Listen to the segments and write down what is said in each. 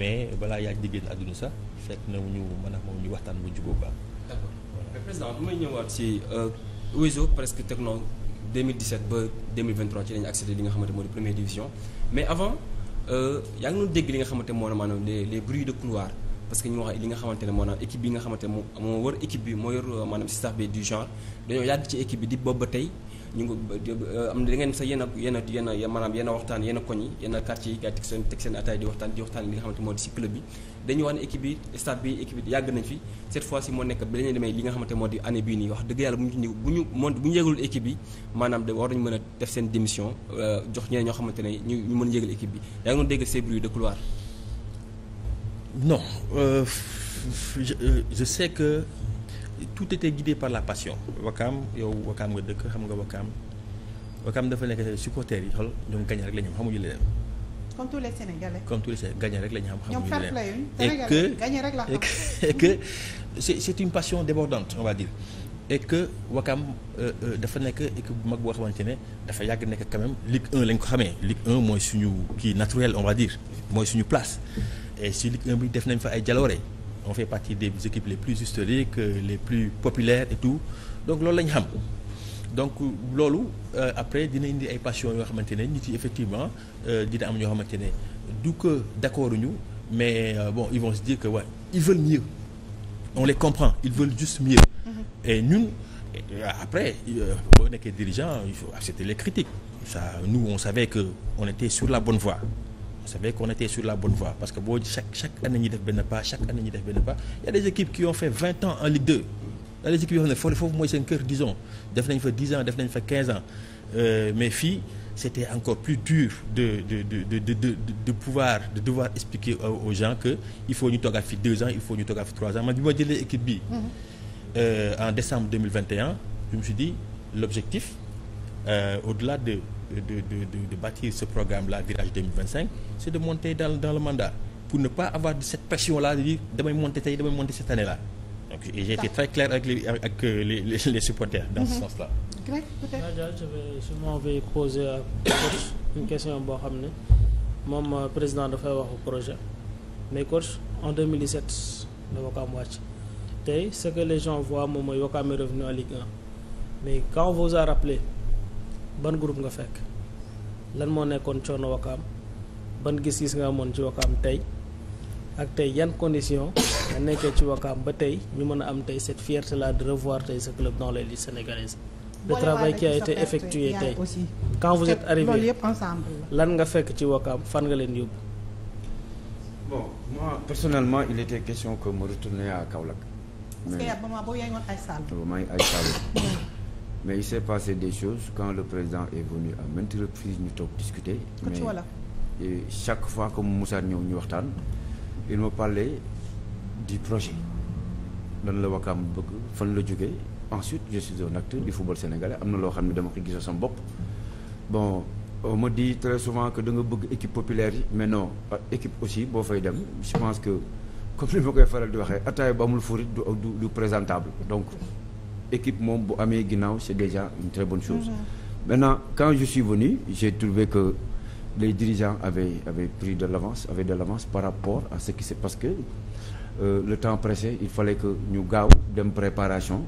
mais balaa yaa diggéen àdduna sax fekk na ñu mën a moom ñu waxtaan bu jubóo baax. d'accord mais président bu may ñëwaat si Wezo euh, presque Tekno 2017 ba 2023 ci lañu accédé li nga xamante moo di première division mais avant euh, yaa ngi doon dégg li nga xamante moo na maanaam les les de couloir parce que ñu wax li nga xamante ne maanaam équipe bi nga xamante moo moo wër équipe bi moo yor euh, maanaam staff bi du genre dañoo yàgg ci équipe bi di boobu ba tey. ñu ngi euh, am da ngeen sax yenn yenn maanaam yenn waxtaan yenn koñ yi yenn quartier yi gars yi seen teg seen ataay di waxtaan di waxtaan li nga xamante moo di si club bi dañuy wax ne équipe bi stade bi équipe bi yàgg nañ fi cette fois ci moo nekk bi dañuy demee li nga xamante moo di année bii nii wax dëgg yàlla bu ñu bu ñu moon bu ñu yégalul équipe bi maanaam da war nañu mën a def seen démission euh, jox ñeneen ñoo xamante ne ñu ñu mën yégal équipe bi yaa tout était guidé par la passion. Wakaam yow Wakaam nga dëkk xam nga Wakaam Wakaam dafa nekk tey supporters yi xool ñoom gagné rek la ñu xam xamuñu leneen. comme tous rek lañu ñu xam xamuñu leneen. et que gagné et que c'est une passion débordante on va dire. et que Wakaam euh, euh, dafa nekk équipe bu mag boo xamante ne dafa yàgg nekk quand même Ligue 1 lañ ko xamee Ligue 1 mooy suñu kii naturel on va dire mooy suñu place et si Ligue 1 bi def nañ fa ay jaloore. on fait partie des équipes les plus historiques euh, les plus populaires et tout donc loolu lañu xam donc loolu euh, après dina indi ay passion yoo xamante ne nit yi effectivement euh, dina am ñoo xamante ne du que d'accord ñu mais bon ils vont se dire que ils veulent mieux on les comprend ils veulent juste mieux mm-hmm. et ñun après boo nekkee dirigeant il faut accepter les critiques ça nous on savait que on était sur la bonne voie vous savez qu'on était sur la bonne voie parce que boo chaque chaque année ñuy def benn pas chaque année ñuy def benn pas y a des équipes qui ont fait ans en Ligue 2 y des équipes yoo xam mooy seen kër disons def nañ fa dix ans def nañ fa quinze ans euh, mais fii c'était encore plus dur de de de de de de pouvoir de devoir expliquer aux gens que il faut ñu toogaat fi deux ans il faut ñu toogaat fi trois ans man bi ma jëlee équipe bi. Mhm. Euh, en décembre 2021 je me suis dit l'objectif euh, au-delà de. de de de de bâtir ce programme là virage 2025 c'est de monter dans dans le mandat pour ne pas avoir cette pression là damay monter tey damay monter cette année là donc j'ai été très clair avec les avec euh, dans ce mm-hmm. sens là. Greg peut-être. coach une question boo xam ne moom euh, président dafay waxu projet mais coach en 2017 la Wakaam wàcc tey ce que les gens voient moom mooy Wakaam à Ligue 1 mais quand vous a rappelé. ban groupe nga fekk lan moo nekkoon coono wakaam ban gis-gis nga amoon ci wakaam tey ak tey yan condition nga nekkee ci wakaam ba tey ñu mën a am tey cette fierté là de revoir tey ce club dans les ligues sénégalaises le travail qui a été effectué tey quand vous lan nga fekk ci wakaam fan nga leen yóbbu bon moi question que ma retourner à mais il s'est passé des choses quand le président est venu à maintes ñu toog discuter mais voilà. chaque fois comme Moussa ñëw ñu waxtaan il me parlait du projet lan la Wakaam bëgg fan la jógee ensuite je suis un acteur du football sénégalais am na loo xam ne dama ko gisoo sama bopp bon on me dit très souvent que da nga bëgg équipe populaire yi mais non équipe aussi boo fay dem je pense que comme li ma koy faral di waxee ataay bu amul furit du du présentable donc équipe moom bu amee ginnaaw c'est déjà une très bonne chose. Mm-hmm. maintenant quand je suis venu j'ai trouvé que les dirigeants avaient avaient pris de l'avance avaient de l'avance par rapport à ce qui c'est parce que euh, le temps pressait il fallait que ñu gaaw dem préparation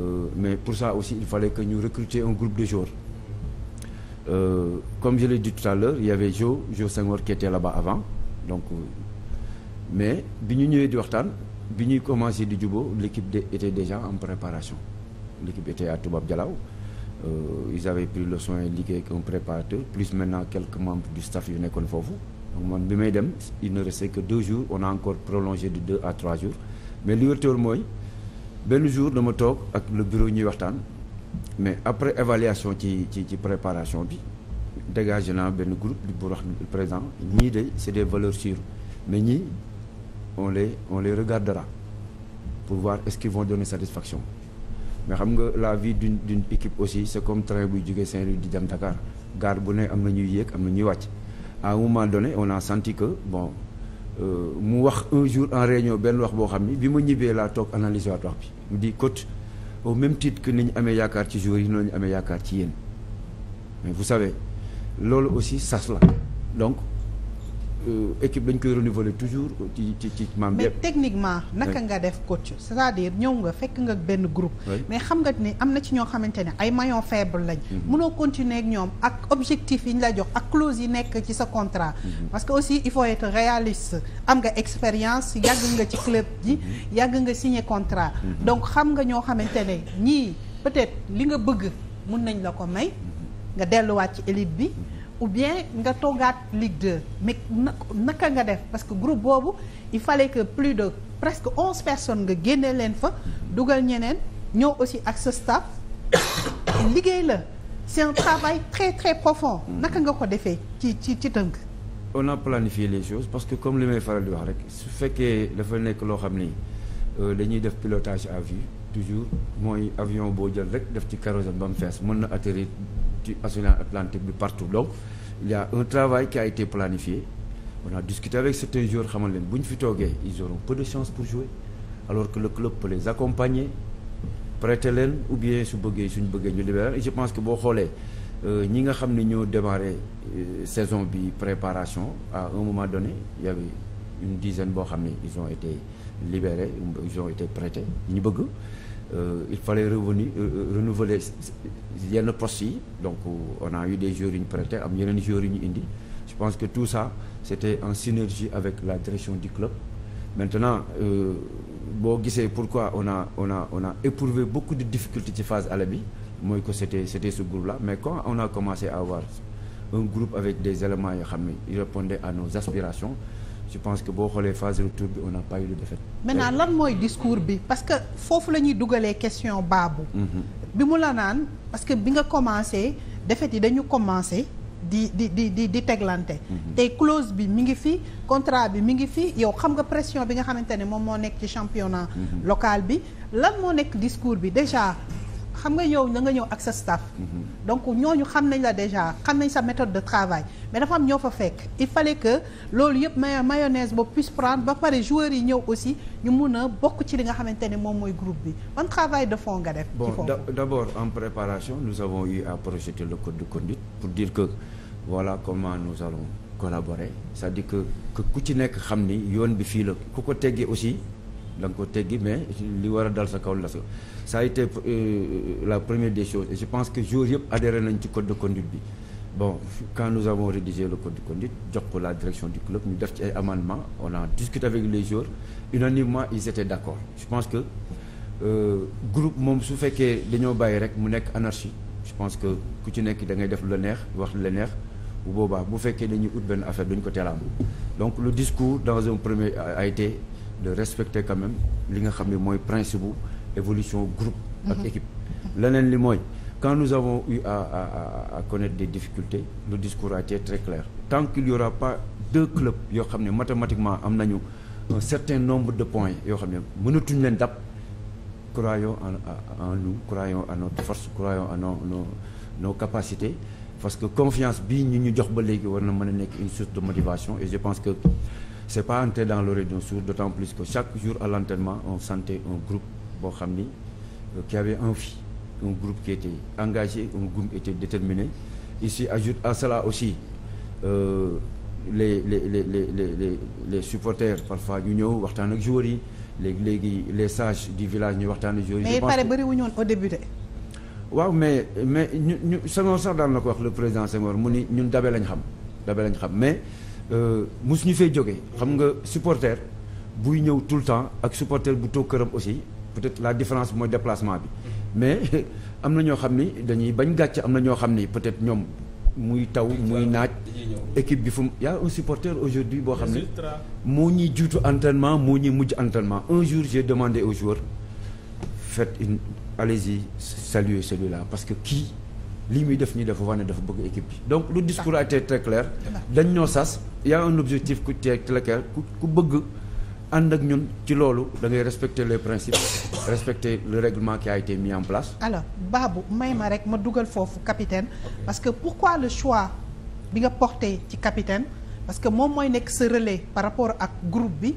euh, mais pour ça aussi il fallait que ñu recruter un groupe de joueurs euh, comme je l'ai dit tout à l'heure il y avait Jo Jo Senghor qui était là-bas avant donc euh, mais bi ñu ñëwee bi ñuy commencé di jubóo l'équipe était déjà en préparation l'équipe était à Toubab Dialaw euh, ils avaient pris le soin liggéey ak un préparateur plus maintenant quelques membres du staff yu nekkoon foofu donc man bi may dem il ne restait que deux jours on a encore prolongé de deux à trois jours mais li wértéwul benn jour dama toog ak le bureau ñuy waxtaan mais après évaluation ci ci ci préparation bi dégage naa benn groupe bu wax présent ñii de c'est des valeurs sûres mais ñii on les on les regardera pour voir est-ce qu'ils vont donner satisfaction mais xam nga la vie d'une d'une équipe aussi c'est comme train buy jógee Saint-Louis di dem Dakar gare bu ne am na ñuy yéeg am na ñuy wàcc à un moment on a senti que bon euh, mu wax un jour en réunion benn wax boo xam ni bi ma ñibbee laa toog analyser waat wax bi mu di coach au même titre que ni ñu amee yaakaar ci joueurs yi noonu la ñu amee yaakaar ci yéen mais vous savez loolu aussi sas la Euh, équipe dañ koy renouveler toujours ci ci ci techniquement naka nga def coach c'est-à-dire ñëw nga fekk nga benn groupe mais xam nga ni am na ci ñoo xamante ne ay mayon faible lañ mhm. munoo continuer ak ñoom ak objectif yi ñu la jox ak clause yi nekk ci sa contrat mhm. parce que aussi il faut être réaliste am nga expérience yàgg nga ci club ji mhm. yàgg nga signer contrat donc xam nga ñoo xamante ne ñii peut-être li nga bëgg mun nañ la ko may nga delluwaat ci élite bi ou bien nga toogaat Ligue 2 mais naka nga def parce que groupe boobu il fallait que plus de presque onze personne nga génne leen fa dugal ñeneen ñëw aussi ak sa staff liggéey la c'est un travail très très profond naka nga ko defee ci ci ci tënk on a planifié les choses parce que comme li may faral di wax rek su fekkee dafa nekk loo xam ni euh, dañuy def pilotage à vue toujours mooy avion boo jël rek def ci kérosène ba mu mën na atterrir ci océan Atlantique bi partout donc il y a un travail qui a été planifié on a discuté avec certains joueurs xamal leen bu ñu fi toogee ils auront peu de chance pour jouer alors que le club peut les prêter leen ou bien su bëggee suñu bëggee ñu libérer je pense que boo xoolee euh, ñi nga xam ne ñoo démarré euh, saison bi préparation à un moment donné il y avait une dizaine boo xam ne ils ont été libérés ils ont été prêtés ñu bëgg Euh, il fallait revenir euh, euh, renouveler yenn postes yi donc on a eu des joueurs yu am yeneen joueurs yu ñu indi je pense que tout ça c'était en synergie avec la direction du club maintenant boo gisee pourquoi on a on a on a éprouvé beaucoup de difficultés ci phase aller bi mooy que c'était c'était ce groupe là mais quand on a commencé à avoir un groupe avec des éléments yoo xam ne ils à nos aspirations je pense que boo xoolee phase retour bi on n'a pas eu de défaite. maintenant lan mooy discours bi parce que foofu la ñuy dugalee question baabu. Mhm. bi mu la naan parce que bi nga commencé défaite yi dañu commencé. di di di di di teglante. Mhm. tey clause bi mu ngi fi contrat bi mi ngi fi yow xam nga pression bi nga xamante ne moom moo nekk ci championnat. Mhm. locale bi lan moo nekk discours bi déjà. xam nga ñëw na nga ñëw ak sa staff. Mhm. donc ñooñu xam nañ la déjà xam nañ sa méthode de travail mais dafa am ñoo fa fekk il fallait que loolu yëpp may mayonnaise ba puisse prendre ba pare joueurs yi ñëw aussi ñu mun a bokk ci li nga xamante ne moom mooy groupe bi ban travail de fond nga def. bon d'abord en préparation nous avons eu à projeter le code de conduite pour dire que voilà comment nous allons collaborer c'est-à-dire que que ku ci nekk xam ni yoon bi fii la ku ko teggee aussi da nga ko teggi mais li war a dal sa kaw la ça a été euh, la première des choses et je pense que jour yëpp adhéré nañ ci code de conduite bi bon quand nous avons rédigé le code de conduite jox ko la direction du club ñu def ci ay amendements on a discuté avec les joueurs unanimement ils étaient d'accord je pense que euh, groupe moom su fekkee dañoo bàyyi rek mu nekk anarchie je pense que ku ci nekk dangay def lu neex wax lu neex bu boobaa bu fekkee dañuy ut benn affaire duñ ko teel a donc le discours dans un premier a de respecter quand même li nga xam ne mooy principe évolution groupe ak mhm. équipe leneen li mooy quand nous avons eu à connaître des difficultés le discours a été très clair tant qu'il y aura pas deux clubs yoo xam ne mathématiquement am nañu un certain nombre de points yoo xam ne mënatuñ leen dab croyons en en nous croyons à notre force croyons à nos nos parce que confiance bii ñu ñu jox ba léegi war mën a nekk une source de motivation et je pense que c'est pas entrer dans l'oreille d'un sourd d'autant chaque jour à l'entraînement on un groupe boo xam ni euh, qui avait envie un groupe qui était engagé un groupe qui était déterminé ici ajoute à cela aussi euh, les les les les les les supporters parfois ñu ñëw waxtaan ak joueurs yi léegi léegi les sages du village ñu waxtaan ak joueurs yi. mais pare bëri wu ñu woon au début waaw mais mais ñu ñu Senghor sax daan na ko wax le président Senghor mu ni ñun dabe lañ xam dabe lañ xam mais euh, mosu ñu fay jóge xam nga supporter buy ñëw tout le temps ak supporter bu toog këram aussi. peut-être la différence mooy déplacement bi mais am na ñoo xam ni dañuy bañ gàcce am na ñoo xam ni peut-être ñoom muy taw muy naaj équipe bi fu mu y a un supporter aujourd'hui boo xam ne moo ñuy juutu entennement moo ñuy mujj entennement un jour j'ai demandé aux joueurs faites une allez-y saluer celui-là parce que kii lii muy def nii dafa wane dafa bëgg équipe bi donc lu discours a été dañ ñoo sas y a un objectif ku tee très ku ku bëgg ànd ak ñun ci loolu da ngay respecter les principe respecter le règlement qui a été mis en place. alors Babou may ma rek ma dugal foofu capitaine parce que pourquoi le choix bi nga porté ci capitaine parce que moom mooy nekk sa relais par rapport ak groupe bi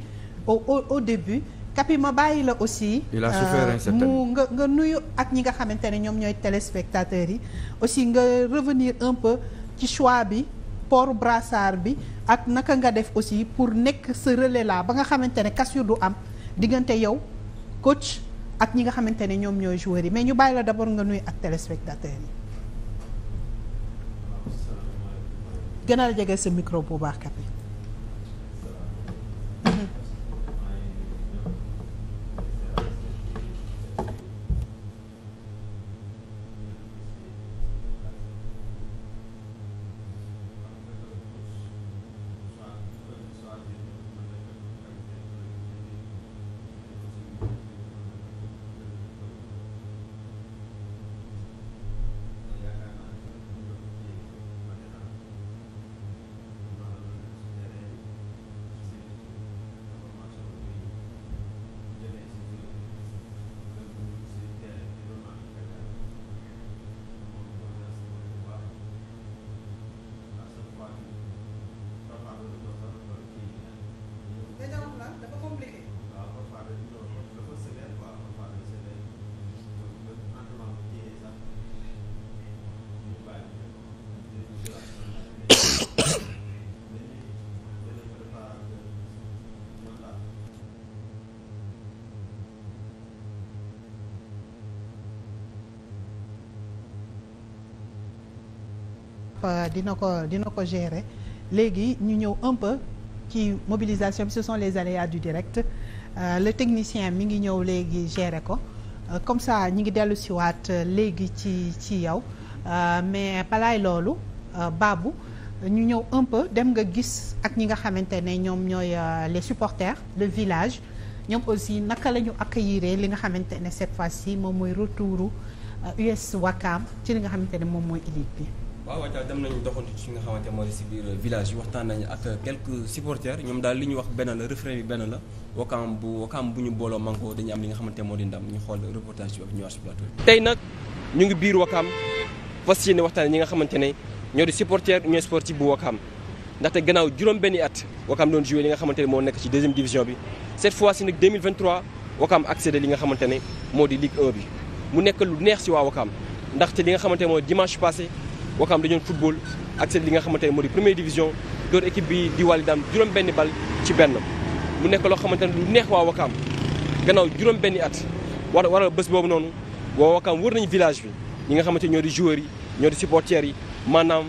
au au au début. Kapi ma bàyyi la aussi. il euh, mu nga nga nuyu ak ñi nga xamante ne ñoom ñooy téléspectateurs yi aussi nga revenir un peu ci choix bi port brassard bi. ak naka nga def aussi pour nekk sa relais là ba nga xamante ne cassure du am diggante yow coach ak ñi nga xamante ne ñoom ñooy joueurs yi mais ñu bàyyi la d'abord nga nuy ak téléspectateurs yi. gën a jege sa micro bu baax kat Euh, dina ko dina ko gérer léegi ñu ñëw un ci mobilisation bi ce sont les aléas du direct euh, le technicien mi ngi ñëw léegi gérer ko euh, comme ça ñi ngi dellu waat léegi ci ci yow mais palaay loolu Babou ñu ñëw un dem nga gis ak ñi nga xamante ne ñoom ñooy les supporters le village ñoom aussi naka la ñu accueillir li nga xamante ne cette fois moom mooy retouru US Ouakam ci li nga xamante ne moom mooy élite bi waaw waaw dem nañu doxantu ci nga xamante moo di si biir village yi waxtaan nañu ak quelques supporters ñoom daal li ñu wax benn la refrain bi benn la wakaam bu wakaam bu ñu booloo manko dañu am li nga xamante moo di ndam ñu xool reportage bi ak ñëwaat si ngi biir wakaam fas waxtaan ñi nga xamante ne ñoo di supporters union sportive bu wakaam ndaxte gannaaw juróom benn at wakaam doon joué li nga xamante ne moo nekk ci deuxième division bi cette fois ci nag 2023 wakaam accédé li nga xamante ne moo di Ligue 1 bi mu nekk lu neex si waa wakaam ndaxte li nga xamante ne moo dimanche passé Wakam dañoon football ak seen li nga xamante ne moo di première division door équipe bi di wàlli juróom benn bal ci benn mu nekk loo xamante ne lu neex waa Wakaam gannaaw juróom benni at war waral bés boobu noonu waa Wakaam wër nañu village bi ñi nga xamante ñoo di joueurs yi ñoo di supporters yi maanaam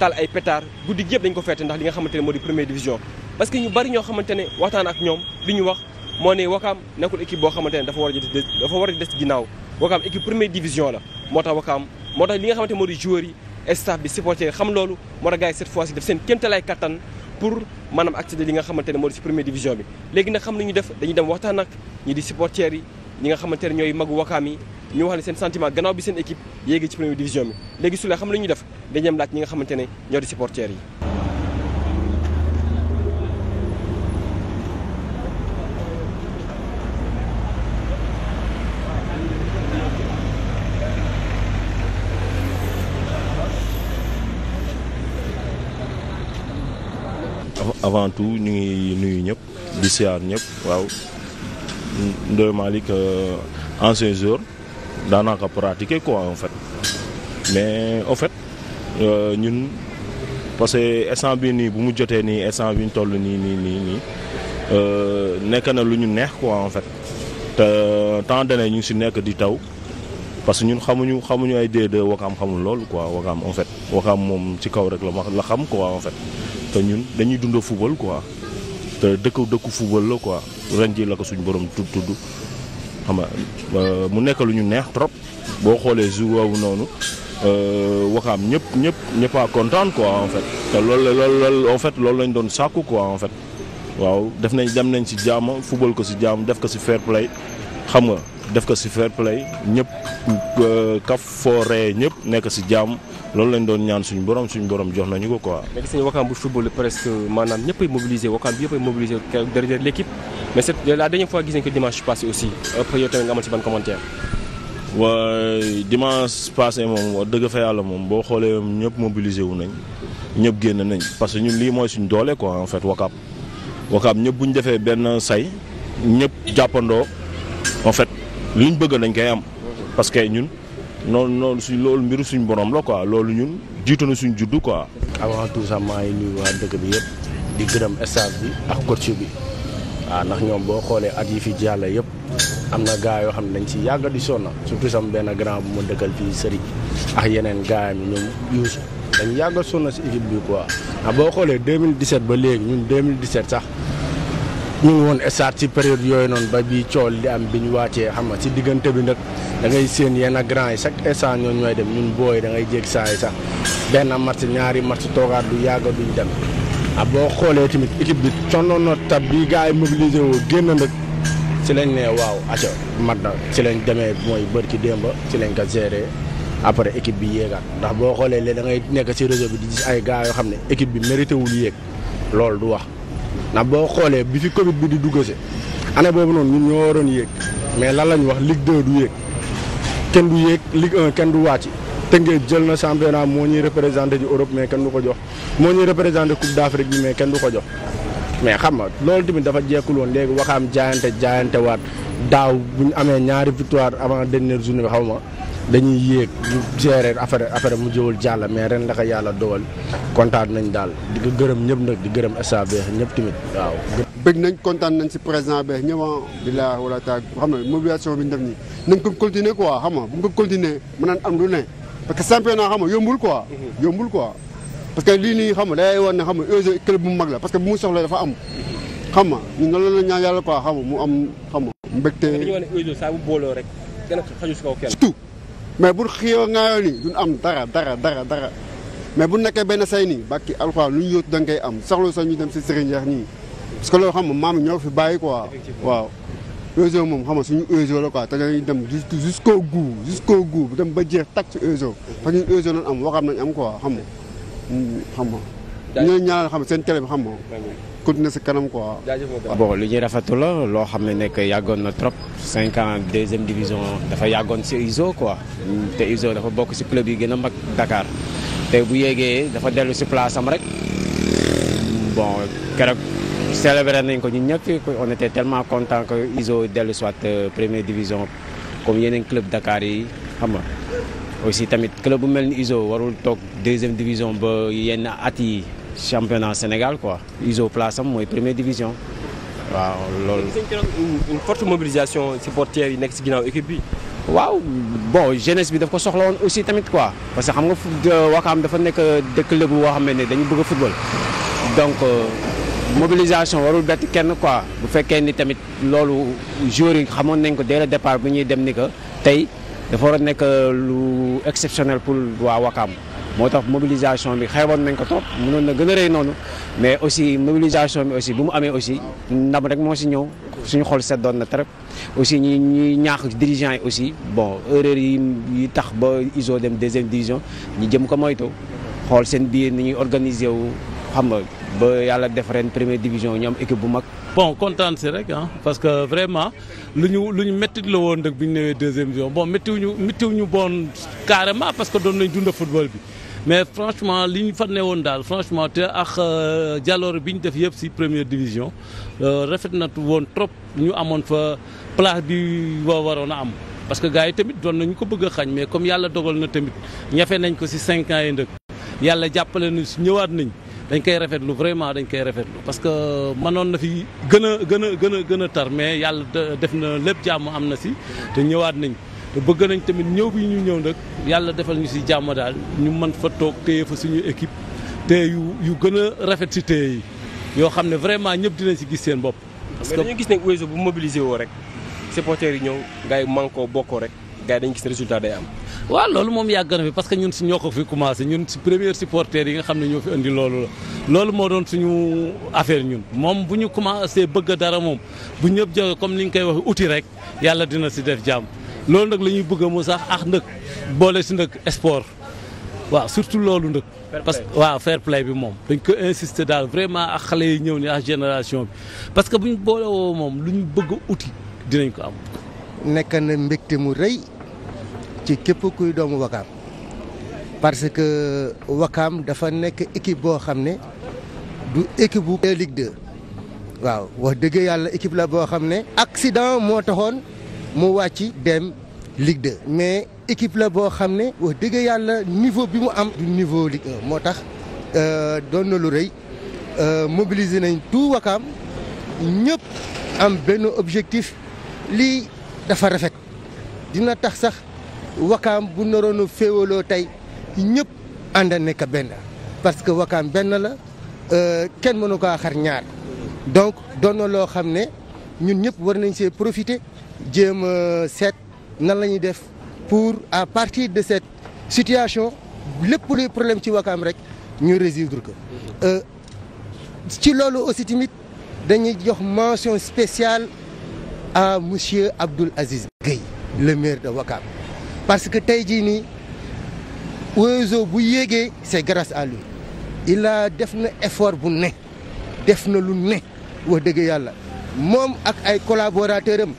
tal ay pétard guddi gi yëpp dañ ko feete ndax li nga xamante ne moo di première division parce que ñu bari ñoo xamante ne waxtaan ak ñoom li ñu wax moo ne ne dafa a dafa war a des ginnaaw la moo tax Wakaam moo tax li nga xamante moo di yi staff bi supporter xam loolu moo tax gars yi cette fois ci def seen kéemtalaay kattan pour maanaam accéder li nga xamante ne moo di si première division bi. léegi nag xam nañu def dañuy dem waxtaan ak ñi di yi ñi nga xamante ne ñooy magu wakaam yi ñu wax ne seen sentiment gannaaw bi seen équipe yéegi ci première division bi léegi su la xam la ñuy def dañu dem laaj ñi nga xamante ne ñoo di supporters yi. avant tout ñu ngi nuyu ñëpp di siyaar ñëpp waaw Ndoye Malick euh, ancien joueur daanaka pratiqué quoi en fait mais on fait euh, ñun parce que instant bi nii bu mu jotee nii instant bi ñu toll nii nii nii nii euh, nekk na lu ñu neex quoi en fait te temps dana ñu ngi si nekk di taw parce que ñun xamuñu xamuñu ay D2 Wakaam xamul loolu quoi Wakaam en fait Wakaam moom ci kaw rek la la xam quoi en fait te ñun dañuy dund football quoi te dëkk dëkku football la quoi ren ji la ko suñu borom tudd tudd xam euh, mu nekk lu ñu neex trop boo xoolee jour woowu noonu euh, waxaam ñëpp ñëpp ñëpp a kontaan quoi en te loolu la loolu en fait loolu lañ doon sàkku quoi en fait waaw def nañ dem nañ si jàmm football ko si jàmm def ko si fair play xam nga. def ko ci fair play ñëpp euh, kaf foo ree ñëpp nekk si jàmm loolu lañ doon ñaan suñu borom suñu borom jox nañu ko quoi. mais gis nañu Wakam bu football presque maanaam ñëpp ay gis nañ ko dimanche passé aussi après yow tamit nga amal ci ban commentaire. dimanche passé moom wax dëgg fa yàlla moom boo xoolee ñëpp mobilisé wu nañ ñëpp génn nañ parce que ñun lii mooy suñu doolee quoi en fait Wakam Wakam ñëpp bu ñu defee benn say ñëpp jàppandoo en fait. liñ bëgg nañ koy am parce que ñun noonu noonu suñ loolu mbir suñu borom la quoi loolu ñun jiitu na suñ juddu quoi. avant tout ça maa ngi nuyu waa dëkk bi yëpp di gërëm staff bi ak coach bi waaw ah, ndax ñoom boo xoolee at yi fi jàll yëpp am na gars yoo xam ne dañ ci yàgg di sonn surtout sama benn grand bu ma dëkkal fii sëriñ ak yeneen gars yi ñoom Youssou dañ yàgg a sonn si équipe bi quoi. ndax ah, boo xoolee 2017 ba léegi ñun 2017 sax. ñu ngi woon stade si période yooyu noonu ba bii cool di am bi ñu wàccee xam nga ci diggante bi nag dangay séen yenn grand yi chaque instant ñoom ñooy dem ñun booy da ngay jéeg saa yi sax benn match ñaari match toogaat du yàgg duñ dem. ah boo xoolee tamit équipe bi sonnoon na tab bi gars yi mobilisé woo génn nag ci lañ nee waaw aca mat da ci lañ demee mooy bër ci démba ci lañ ko géré après équipe bi yéegaat ndax boo xoolee léegi da ngay nekk si réseau bi di ay gars yoo xam ne équipe bi mérité wul yéeg loolu du wax. ndax boo xoolee bi fi Covid bi di duggase année boobu noonu ñun ñoo waroon yéeg mais lan lañ wax Ligue 2 du yéeg kenn du yéeg Ligue 1 kenn du wàcc Tëngéej jël na championnat moo ñuy représenté ci Europe mais kenn du ko jox moo ñuy représenté Coupe d'Afrique bi mais kenn du ko jox. mais xam nga loolu tamit dafa jekkul woon léegi waxaam jaayante jaayante waat daaw bu ñu amee ñaari victoire avant dernière journée bi xaw ma dañuy yéeg ñu gérer affaire mu jëwul jàlla mais ren la yàlla dogal kontaan nañ daal di ko gërëm ñëpp nag di gërëm staf beex ñëpp tamit waaw. bëgg nañ kontaan nañ si président beex ñëpp ah bilaa wala taag xam nga mobilisation bi ñu def nii nañ ko continuer quoi xam bu ñu ko continuer mën naan am lu ne parce que championnat xam nga yombul quoi. yombul quoi parce que lii nii xam nga day wan ne xam nga eaux club bu parce que bu mu soxla dafa am. xam nga ñun loolu la ñaan yàlla quoi xam nga mu am xam nga mbégte. saa bu booloo rek kenn xaju si kaw kenn. surtout. mais bu xiyoo ngaayoo ni duñ am dara dara dara dara mais bu nekkee benn say nii bàkki alxuraan lu ñu yóotu da nga am soxla sax ñu dem si sëriñ Cheikh nii parce que loolu xam nga maam ñoo fi bàyyi quoi waaw Oiseau moom xam nga suñu oiseau la quoi te dañuy dem jusqu'au goût jusqu'au goût bu dem ba jeex takk ci oiseau parce que ñun oiseau nañ am waxam nañ am quoi xam nga mm, xam nga ñooñu ñaanal xam nga seen télé bi xam nga continuer si kanam quoi. bon li ñuy rafetlu la loo xam ne nekk yàggoon na trop cinq ans deuxième division dafa yàggoon si ISO quoi te ISO dafa bokk si club yi gën a mag Dakar te bu yéegee dafa dellu si place am rek bon keroog célébré nañ ko ñun ñëpp on était tellement content que ISO dellu soit euh, première division comme yeneen club dakaar yi xam nga aussi tamit club bu mel ni ISO warul toog deuxième division ba yenn at yi. championnat Sénégal quoi ISO place am mooy première division waaw loolu. une forte mobilisation supporters yi nekk si ginnaaw équipe bi. waaw bon jeunesse bi daf ko soxla woon aussi tamit quoi parce que xam nga euh, Wakaam dafa nekk dëkk lébu boo xam ne dañu bëgg a football donc euh, mobilisation warul bett kenn quoi bu fekkee ni tamit loolu joueurs yi xamoon nañ ko dès le départ bu ñuy dem ni que tey dafa war a nekk lu exceptionnel pour waa Wakaam. moo tax mobilisation bi xewoon nañ ko trop mënoon na gën a rëy noonu mais aussi mobilisation bi aussi bu mu amee aussi ndam rek moo si ñëw suñu xol seddoon na trop aussi ñi ñuy ñaax dirigeants yi aussi bon erreur yi yi tax ba ISO dem deuxième division ñu jëm ko moytu xool seen biir ni ñuy organiser wu xam nga ba yàlla defaree ren première division ñu am équipe bu mag. bon kontaan si rek ah parce que vraiment lu ñu lu ñu métti la woon rek bi ñu ñëwee deuxième division bon méttiwuñu méttiwuñu bon carrément parce que doon nañ dund football bi. mais franchement li ñu fa woon daal franchement te ak euh, jaloore bi ñu def yëpp ci première division euh, rafet na woon trop ñu amoon fa place bi wa waroon a am parce que gars yi tamit doon nañu ko bëgg a xañ mais comme yàlla dogal na tamit ñafe nañ ko si cinq ans yi ndëkk yàlla jàppale na su ñëwaat nañ dañ koy rafetlu vraiment dañ koy rafetlu parce que manoon na fi gën a gën a gën a gën a tar mais yàlla def na lépp jàmm am na si te ñëwaat nañ te bëgg nañ tamit ñëw bi ñu ñëw nag yàlla defal ñu si jàmm daal ñu mën fa toog téye fa suñu équipe te yu yu gën a rafet si téye yi yoo xam ne vraiment ñëpp dinañ si gis seen bopp. parce que mais dañu gis ne Ouezo bu mobilisé woo rek supporters yi ñëw gars man koo bokkoo rek gars yi dañu gis résultat day am. waaw loolu moom yàgg na fi parce que ñun si ñoo ko fi commencé ñun si première supporters yi nga xam ne ñoo fi indi loolu la loolu moo doon suñu affaire ñun moom bu ñu commencé bëgg dara moom bu ñëpp jógee comme ni ñu koy waxee outil rek yàlla dina si def jàmm. loolu nag la ñuy bëgg mu sax ax ndëkk boole si ndëkk sport waaw surtout loolu ndëkk parce que waaw fair play bi moom dañ ko insister daal vraiment ak xale yi ñëw ni ak génération bi parce que buñ boole woo moom lu ñu bëgg uti dinañ ko am nekk na mbégte mu rëy ci képp kuy doomu wakaam parce que wakaam dafa nekk équipe boo xam ne du équipe bu Ligue 2 waaw wax dëgg yàlla équipe la boo xam ne accident moo taxoon mu wàcc dem Ligue mais équipe la boo xam ne wax dëgg yàlla niveau bi mu am du niveau Ligue moo tax euh, doon na lu rëy euh, mobiliser nañ tout Wakaam ñëpp am benn objectif lii dafa rafet dina tax sax Wakaam bu naroon a féewaloo tey ñëpp ànd nekk benn parce que Wakaam benn la euh, kenn mënu ko xar ñaar donc doon na loo xam ne ñun ñëpp war nañ see profiter jéem a seet. nan la ñuy def pour à partir de cette situation lépp luy problème ci Wakaam rek ñu résoudre ko. Euh, ci loolu aussi tamit dañuy jox mention spéciale à monsieur Abdoul Aziz Gueye le maire de Wakaam parce que tey jii nii oiseau bu yéegee c'est grace à lui il def na effort bu ne def na lu ne wax dëgg yàlla moom ak ay collaborateurs am.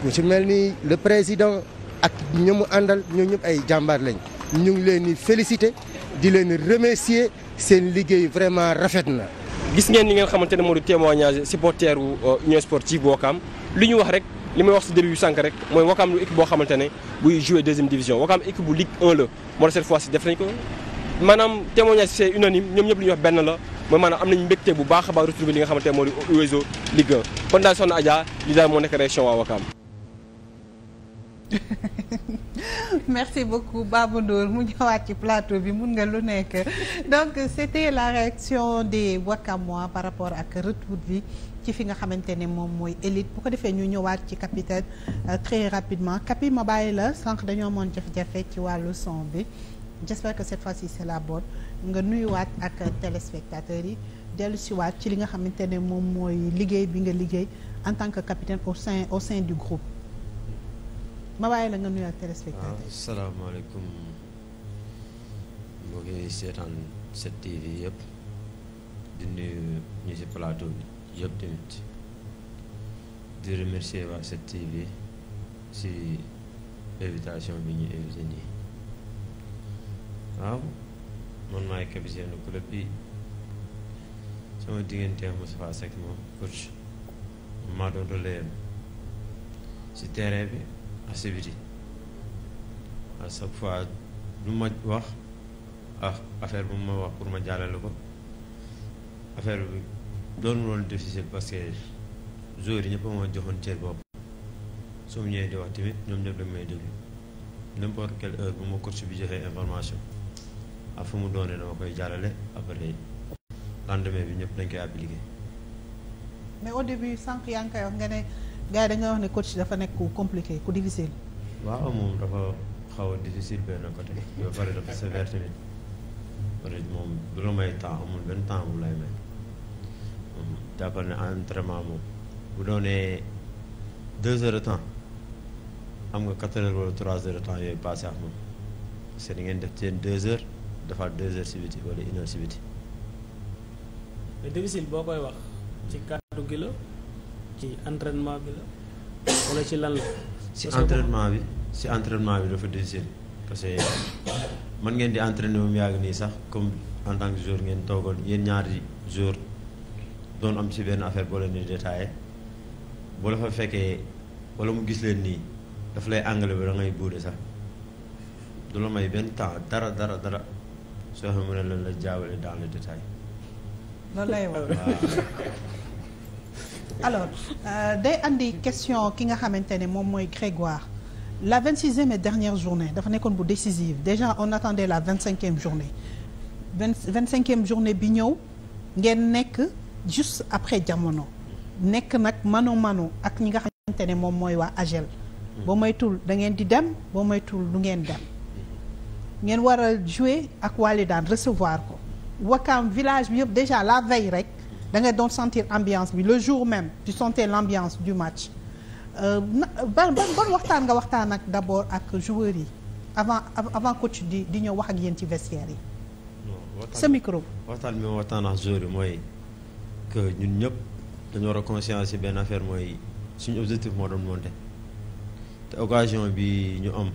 ku ci mel ni le président ak ñi mu àndal ñoo ñëpp ay jàmbaar lañ ñu ngi leen di féliciter di leen remercier seen liggéey vraiment rafet na. gis ngeen li ngeen xamante ne moo di témoignage supporter wu euh, Union Sportive Ouakam li ñu wax rek li may wax si début yu sànq rek mooy Ouakam lu équipe boo xamante ne buy jouer deuxième division Ouakam équipe bu Ligue 1 la mooy cette fois ci def nañ ko. maanaam témoignage c'est unanime ñoom ñëpp li ñuy wax benn la mooy maanaam am nañu mbégte bu baax a baax retrouvé li nga xamante ne moo di réseau Ligue 1 kon moo nekk réaction waa merci beaucoup Babou Ndour mu ñëwaat ci plateau bi mun nga lu nekk donc c'était la réaction des Ouakamois par rapport ak retour bi ci fi nga xamante ne moom mooy élite bu ko defee ñu ñëwaat ci capitaine euh, très rapidement Capi ma bàyyi la sànq dañoo amoon jafe-jafe ci wàllu son bi j'espère que cette fois-ci c'est la bonne nga nuyuwaat ak téléspectateurs yi dellu siwaat ci li nga xamante ne moom mooy liggéey bi nga liggéey en tant que capitaine au sein au sein du groupe ma bàyyi la nga nuyu ak téléspectateur waaw ah, salaamaaleykum moo ngi seetaan 7TV yëpp di nuyu ñu ci plateau bi yëpp tamit di remercier waa 7TV ci invitation bi ñu invité nii waaw man maay capitaine club bi sama diggante Moustapha Seck moom coach maa doon relais ci terrain bi activité à chaque fois du ma wax ah affaire bu mu ma wax pour ma jàllale ko affaire bi doonu loolu difficile parce que joueurs yi ñëpp moo joxoon cër boobu su mu ñëwee di wax tamit ñoom ñëpp dañ may déglu n'importe quelle heure bu ma coach bi joxee information ak ah, fu mu doonee dama koy jàllale après lendemain bi ñëpp dañ koy appliquer mais au début sànq yaa ngi koy wax nga ne gars yi dañoo wax ne coach dafa nekk ku compliqué ku difficile. waaw moom dafa xaw a difficile benn côté ba pare dafa sévère tamit peut moom du la may temps amul benn temps bu lay may ne entraînement moom bu doonee deux heures de temps am nga quatre heures trois heures de temps yooyu passé ak moom parce ngeen def seen deux heures defaat deux heures si biti wala une heure si biti mais difficile boo koy wax ci kàddu gi ci entrainement bi la wala ci lan la. si entraînement bi si entraînement bi dafa décider parce que mën ngeen di entraîner moom yàgg nii sax comme en tant que joueur ngeen toogoon yéen ñaari joueur doon am si benn affaire boo leen di détaillé boo la fa fekkee wala mu gis leen nii daf lay anglais ba da ngay sax du la may benn temps dara dara dara soo xam ne la la jaawale dans le détail. alors euh, day andi question ki nga xamante ne moom mooy Grégoire la vingt sixième et dernière journée dafa nekkoon bu décisive déjà on attendait la vingt cinquième journée vingt cinquième journée bi ñëw ngeen nekk juste après jamono nekk nag mano mano ak ñi nga xamante ne moom mooy waa AGEL boo moytul da ngeen di dem boo moytul du ngeen dem ngeen war a jouer ak Walidan recevoir ko Wakam village bi yëpp déjà la veille rek da ngay doon sentir ambiance bi le jour même tu sentais l'ambiance du match euh, ban ban waxtaan nga waxtaan ak d'abord ak joueurs yi avant avant coach di di ñëw wax ak yéen ci vestiaire yi. sa micro. waxtaan bi ma waxtaan ak joueurs yi mooy que ñun ñëpp dañu war a conscience ci benn affaire mooy suñu objectif moo doon monter te occasion bi ñu am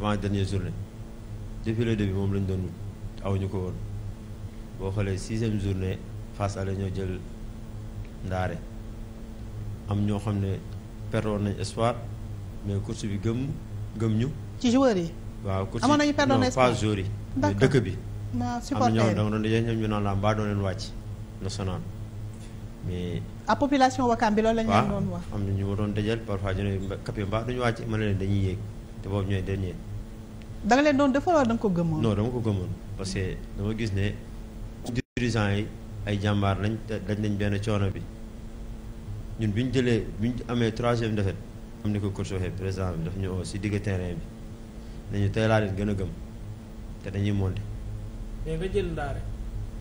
avant dernière journée depuis le début moom lañ doon ñu ko woon boo xoolee sixième journée. Fass ale ñoo jël ndaare am ñoo xam ne perdoon nañ espoir mais course bi gëm gëm ñu. ci joueur yi. waaw course amoon nañu perdoon espoir non dëkk bi. non supporter am na ñoo xam ne mbaa doo leen wàcc national mais. à population Wakam bi loolu lañ leen doon wax. am na ñu ma doon dajal parfois ñu ne Kapé mbaa duñu wàcc ma ne leen dañuy yéeg te boobu ñooy dernier. da leen doon defal wala da nga ko gëmoon. non dama ko gëmoon parce que dama gis ne dirigeants yi. ay jàmbaar lañ dañ nañ benn coono bi ñun bi ñu jëlee bi ñu amee troisième défaite am ni ko coach waxee président bi daf ñu oo si digg terrain bi nañu tey laa leen gën a gëm te dañuy monter. mais nga jël ndaare.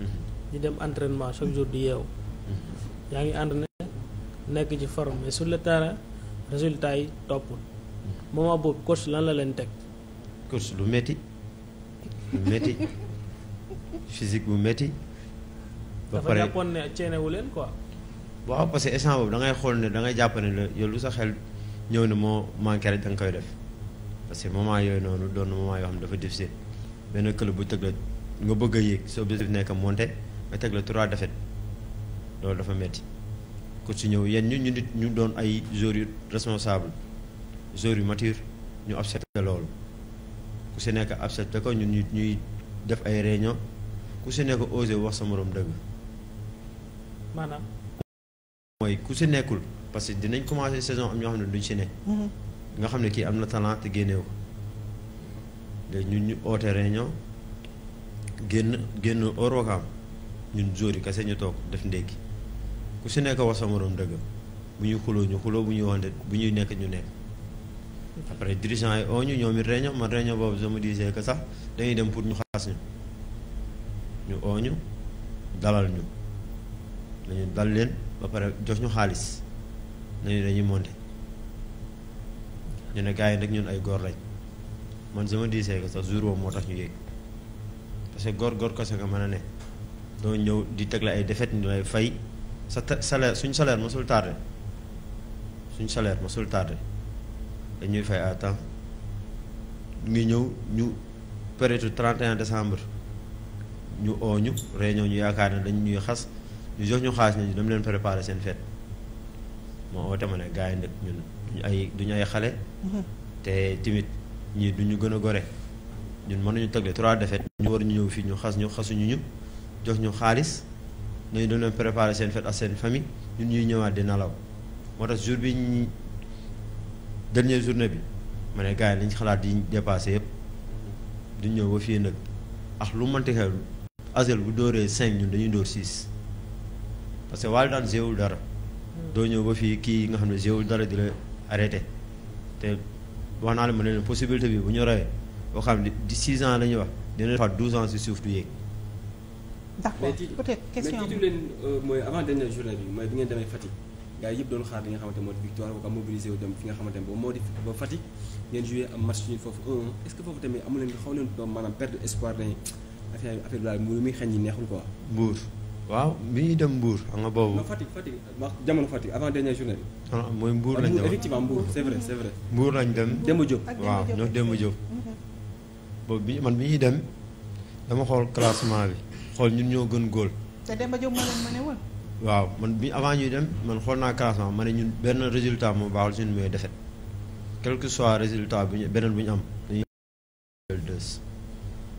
Mhm. di dem entraînement chaque jour di yeewu. Mhm. yaa ngi ànd entraîné nekk ci forme mais sur le terrain résultat yi toppul mhm. moment boobu coach lan la leen teg. coach lu métti lu métti physique bu métti. ba pare dafa jàppoon ne ceenewu leen quoi. waaw parce que instant boobu da ngay xool ne dangay ngay la yow sa xel ñëw ne moo manqué rek da nga koy def parce que moment yooyu noonu doon na moment yoo xam ne dafa difficile benn club bu teg la nga bëgg a yéeg sa objectif nekk monté nga teg la trois défaites loolu dafa metti ku ci ñëw yéen ñu ñu nit ñu doon ay joueurs yu responsable joueurs yu mature ñu accepté loolu ku si nekk accepté ko ñun ñuy def ay réunion ku si nekk osé wax sa morom dëgg maanaam. mooy ku si nekkul parce que dinañ commencé saison am ñoo xam ne duñ si ne. Mm-hmm. nga xam ne kii am na talent te génneewu ko léegi ñun ñu oote réunion génn génn orokaam ñun jour yi kese ñu toog def ndékki ku si nekk wax sa morom dëgg bu ñu xuloo ñu xuloo bu ñuy wante bu ñuy nekk ñu nekk. après dirigeant yi oo ñu ñoom it réunion man réunion boobu je me disais sax dañuy dem pour ñu xaas ñu ñu oo dalal ñu. nañu dal leen ba pare jox ñu xaalis nañu dañuy monter ñu ne gars yi nag ñun ay góor lañ man sama diisee ko sax jour moo tax ñu yéeg parce que góor góor kese nga mën a ne doo ñëw di teg la ay défaite ñu lay fay sa salaire suñ salaire mosul tardé suñ salaire mosul tardé dañuy fay à temps ngi ñëw ñu période 31 décembre ñu oo ñu réunion ñu yaakaar ne dañ ñuy xas ñu jox ñu xaalis nañu dama leen préparer seen fête moo oote ma ne gars yi nag ñun duñu ay duñu ay xale mm-hmm. te timit ñii duñu gën a gore ñun mënuñu tegle trois défaites ñu war ñu ñëw fii ñu xas ñu xasuñu ñu jox ñu xaalis nañu doon leen préparer seen fête ak seen famille ñun ñuy ñëwaat di nalaw moo tax jour bi dernière journée bi ma ne gars yi lañ xalaat yi dépassé yëpp duñ ñëw ba fii nag ak lu mënti xew Asel bu dóoree cinq ñun dañuy dóor six parce que Wally daan géewul dara doo ñëw ba fii kii nga xam ne géewul dara di la arrêté te wax naa la ma ne leen possibilité bi bu ñu rawee boo xam ne di six ans la ñuy wax dina defaat douze ans si suuf du yéeg d'accord peut-être question mais leen euh, mooy avant dernière journée bi yëpp doon xaar li nga xamante moo di victoire ko mobilisé wu dem fi nga xamante ne boobu moo di ba ngeen joué am match foofu 1 est que foofu tamit amu leen xaw leen maanaam perte espoir nañu affaire neexul quoi mbuur waaw bi ñuy dem mbuur xam nga boobu. non Fatick Fatick avant dernière ah, mooy Mbour lañ dem effectivement Mbour c'est vrai c'est vrai. lañ dem Demba Diop. waaw ñoo Demba Diop. Mhm. boobu bi man bi ñuy dem dama xool classement bi xool ñun ñoo gën góol. te Demba waaw man bi avant ñuy dem man xool naa classement ma ne ñun benn résultat moo baaxul suñu mooy défaite quel que soit résultat bu ñu beneen bu ñu am dañuy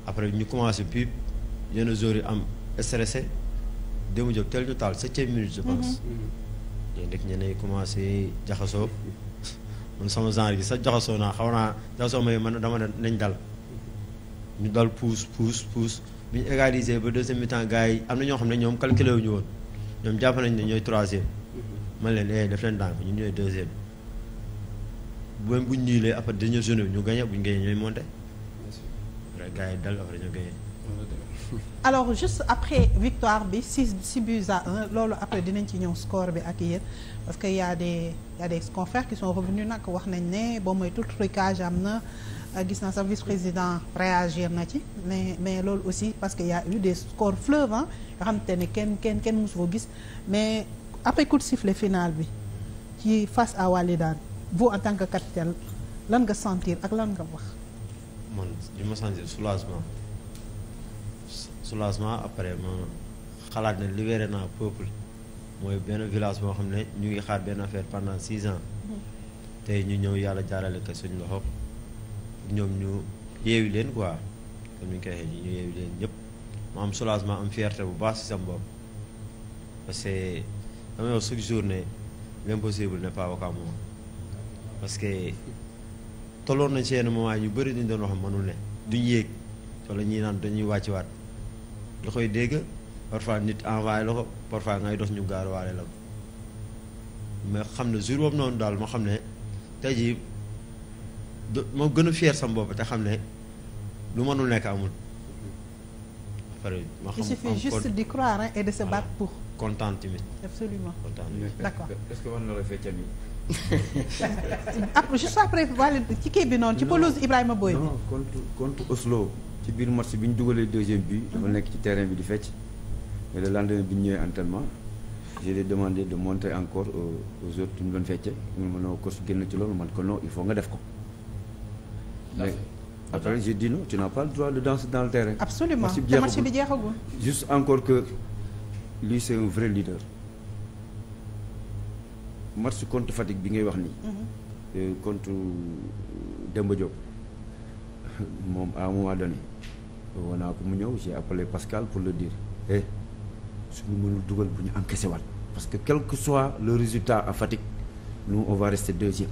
après ñu commencé puis yenn jours yi am stressé. Demba Diop tel ñu taal septième minute je pense. léegi mm-hmm. mm-hmm. nag ñeneen commencé jaxasoo man sama genre gi sax jaxasoo naa xaw naa jaxasoo may man dama ne nañ dal. Mm-hmm. ñu dal puus puus puus bi ñu égalisé ba deuxième mi-temps gars yi am na ñoo xam ne ñoom calculé wu ñu woon ñoom jàpp nañ ne ñooy troisième. man leen eh def leen dànk ñu ñooy deuxième. même bu buñ niilee après dernière journée bi ñu gagné bu ñu gagné ñooy monté. gars yi dal après ñu gagné. alors juste après victoire bi six si buts à loolu après dinañ ci ñëw score bi ak yéen parce que y a des y a des confrères qui sont revenus nag wax nañ ne boo mooy tout trucage am na euh, gis naa sax vice-président réagir na ci mais mais loolu aussi parce que y a eu des scores fleuves ah nga xam ne kenn kenn kenn mosu ko gis mais après coup de sifflet final bi ci face à Walidane vous en tant que capitaine lan nga sentir ak lan nga wax. man li ma sentir soulagement après ma xalaat ne libéré naa peuple mooy benn village boo xam ne ñu ngi xaar benn affaire pendant six ans tey ñu ñëw yàlla jaarale ko suñ loxo ñoom ñu yeewi leen quoi comme ni ñu koy waxee ñu yeewi leen ñëpp ma am soulagement am fierté bu baax si sama bopp parce que damay wax chaque journée l'impossible n'est pas au moi parce que tolloon nañ seen moment ñu bëri dañ doon wax mënul ne duñ yéeg wala ñi naan dañuy wàcciwaat da koy dégg parfois nit envoyé la ko parfois ngay dox ñu gaaruwaale la ko mais xam ne jour boobu noonu daal moo xam ne tey jii do moo gën a fier sama bopp te xam ne lu mënul nekk amul. pare ma xam il suffit juste d'y et de se battre pour. kontaan tamit. absolument kontaan d'accord est-ce que war na la feccam yi. après juste ci kii bi noonu. ci pelouse Ibrahima booy bi non contre biir match bi ñu dugalee deuxième bi dafa nekk ci terrain bi di fecc mais le lendemain bi ñu ñëwee entraînement je lui de montrer encore aux autres ñu doon fecce mun ma noo génn ci loolu man ko non il faut nga def ko mais après j'ai dit non tu n'as pas le droit de danser dans le terrain absolument te match bi jeexagul juste encore bi ngay wax nii mhm. euh, contre Demba Diop moom à un Euh, woo naa ko mu ñëw j'ai appelé Pascal pour le dire eh suñu mënul dugal bu ñu encaissé waat parce que quel que soit le résultat à Fatick nous on va rester deuxième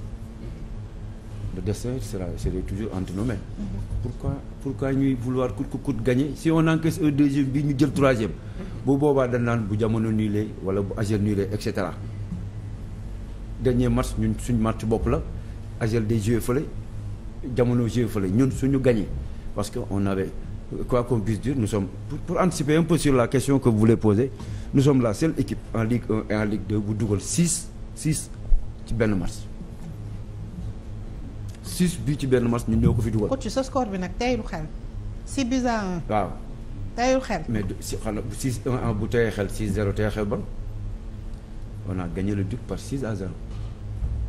le destin sera serait toujours entre nos mains mm-hmm. pourquoi pourquoi ñuy vouloir coûte que coûte si on encaisse un deuxième bi ñu jël troisième bu boobaa dañ naan bu jamono nulé wala bu agel nulé et cetera dernier match ñun suñu match bopp la agel des jue fële jamono jeux fële ñun suñu gagné parce que on avait quoi qu'on puisse dire nous sommes pour, pour anticiper un peu sur la question que vous voulez poser nous sommes la seule équipe en Ligue 1 et en Ligue 2 bu dugal six six ci benn match six bi ci benn match ñun ñoo ko fi dugal. coach sa score bi nag teyul xel. six buts à un. waaw teyul xel. mais si xanaa six bu teyee xel six zéro teyee xel ba on a gagné le Duc par six à zéro.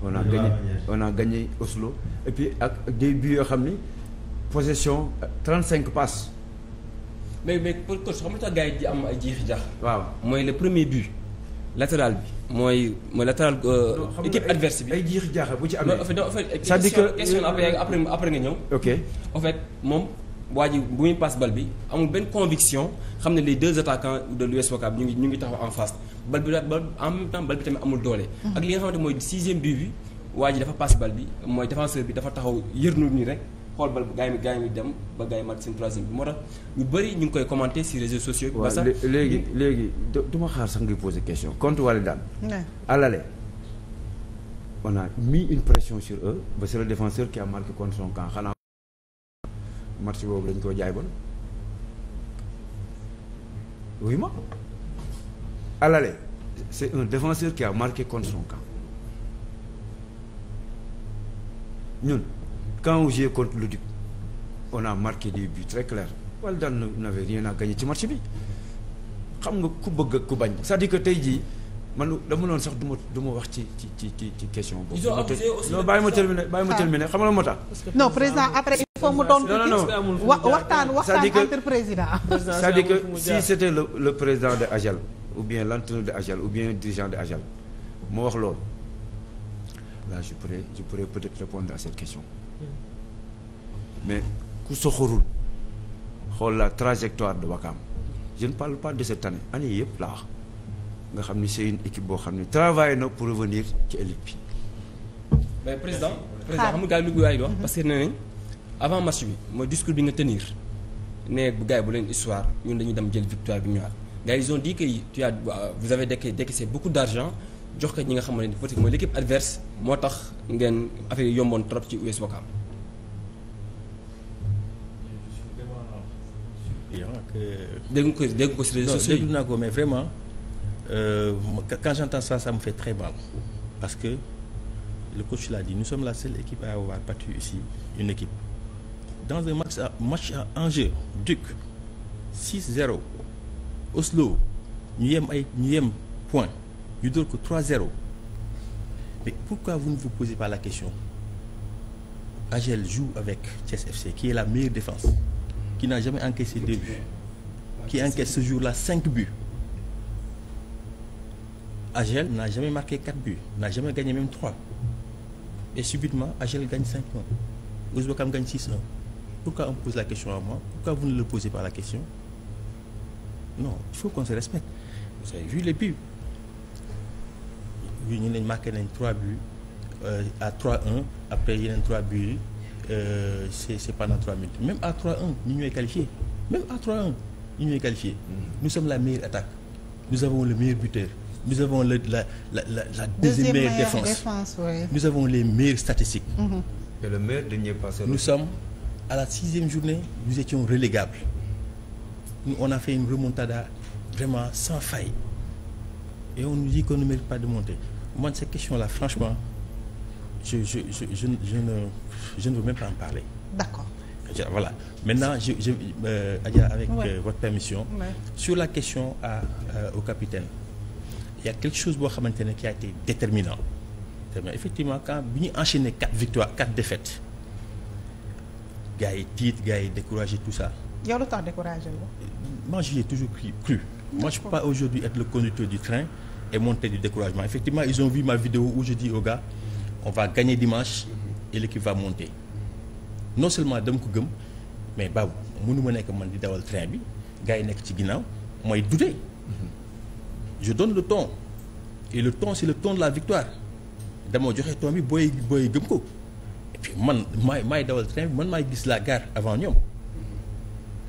on a gagné Oslo et ak des buts yoo xam ni. possession 35 passes. mais mais pour coach xam nga tax gars yi di am ay jiixi jax mooy le premier but latéral bi. mooy mooy latéral euh, équipe adverse bi. ay jiixi jaaxa bu ci amee. non en fait question euh, après après nga ñëw. ok en moom. waa ji bu muy passe bal bi amul benn conviction xam ne les deux attaquants de l'US Ouakam ñu ngi ñu ngi taxaw en face bal bi bal temps bal bi tamit amul doole. Mm-hmm. ak li nga xamante mooy sixième but bi waa ji dafa passe bal bi mooy défenseur bi dafa taxaw yërnu nii rek. xool ba gars yi gars yi dem ba gars yi mat seen troisième bi bëri ñu ngi koy commenter si réseaux sociaux bi. léegi léegi du ma xaar sax ngay poser question une pression sur eux ba c'est le son camp xanaa. match boobu dañ koo jaay bon oui ma alale c'est un défenseur qui a marqué contre quand on jouait contre le Duc on a marqué des buts très clairs Walidane n'avait rien à gagner ci match bi xam nga ku bëgg ak ku bañ sa dire que tey jii man dama doon sax duma ma du wax ci ci ci ci ci question boobu. non bàyyi ma terminer bàyyi ma ah. terminer xam nga moo tax. non président après il faut mu doon. non non waxtaan waxtaan entre président. cest dire que si c'était le le président de AJEL ou bien l'entraîneur de AJEL ou bien le dirigeant de AJEL moo wax loolu laa je pourrais je pourrais peut-être répondre à mais ku soxorul xool la trajectoire de Wakam je ne parle par de cette année année yi yëpp laa wax nga xam ni c'est une équipe boo xam ne travaille na pour revenir ci élite bi. mais président président ah. xam nga gars yi lu gars yi wax mm-hmm. parce que nañ avant match bi mooy discours bi nga tenir ne bu gars bu leen histoire ñun dañuy dem jël victoire bi ñëwaat gars yi ils ont dit que tu as vous avez décaissé décaissé beaucoup d'argent jox ko ñi nga xamante ne peut-être mooy l'équipe adverse moo tax ngeen affaire yomboon trop ci US Wakam. client ak. dégg nga ko dégg nga ko si réseaux sociaux yi dégg naa ko mais vraiment euh, quand j'entends ça ça me fait très mal parce que le coach l'a dit nous sommes la seule équipe à avoir battu ici une équipe dans un match à match à enjeu Duc 6-0 Oslo ñu yem ay ñu yem point ñu dóor ko 3-0 mais pourquoi vous ne vous posez pas la question Agel joue avec Thiès FC qui est la meilleure défense qui n'a jamais encaissé deux buts qui encaisse ce jour-là cinq buts Agel n'a jamais marqué quatre buts n'a jamais gagné même trois et subitement Agel gagne 5-1 Ousbakam gagne 6-1 pourquoi on pose la question à moi pourquoi vous ne le posez par la question non il faut qu'on se respecte vous avez vu les buts ñu ne marqué nañ trois buts euh, à 3-1 après yeneen trois buts euh, c'est c'est pas la 3000 même à 3-1 ñu ñooy qualifié même à 3-1 ñu ñooy qualifié nous sommes la meilleure attaque nous avons le meilleur buteur nous avons le deuxième meilleure défense, nous avons les meilleures statistiques. Mm-hmm. nous sommes à la sixième journée nous étions relégables on a fait une remontada vraiment sans faille et on nous dit qu'on ne mérite pas de monter moi cette question là franchement. je je je je je ne je ne veux même pas en parler. voilà maintenant je je euh, avec euh, votre permission. sur la question au capitaine il a quelque chose boo xamante ne qui a été déterminant. effectivement quand bi ñu enchaîner quatre victoires quatre défaites gars yi tiit gars yi découragé tout ça. yow lu tax découragé la. moi toujours cru cru. pas aujourd'hui être le conducteur du train et monter du découragement effectivement ils ont vu ma vidéo où je dis aux on va gagner dimanche et l'équipe va monter non seulement dem ko gëm mais baabu mënu ma nekk man di dawal train bi gars yi nekk ci ginnaaw mooy dute je donne le ton et le ton c'est le ton de la victoire damoo joxe ton bi booy booy gëm ko et puis man maay maay dawal train bi man maay gis la gare avant ñoom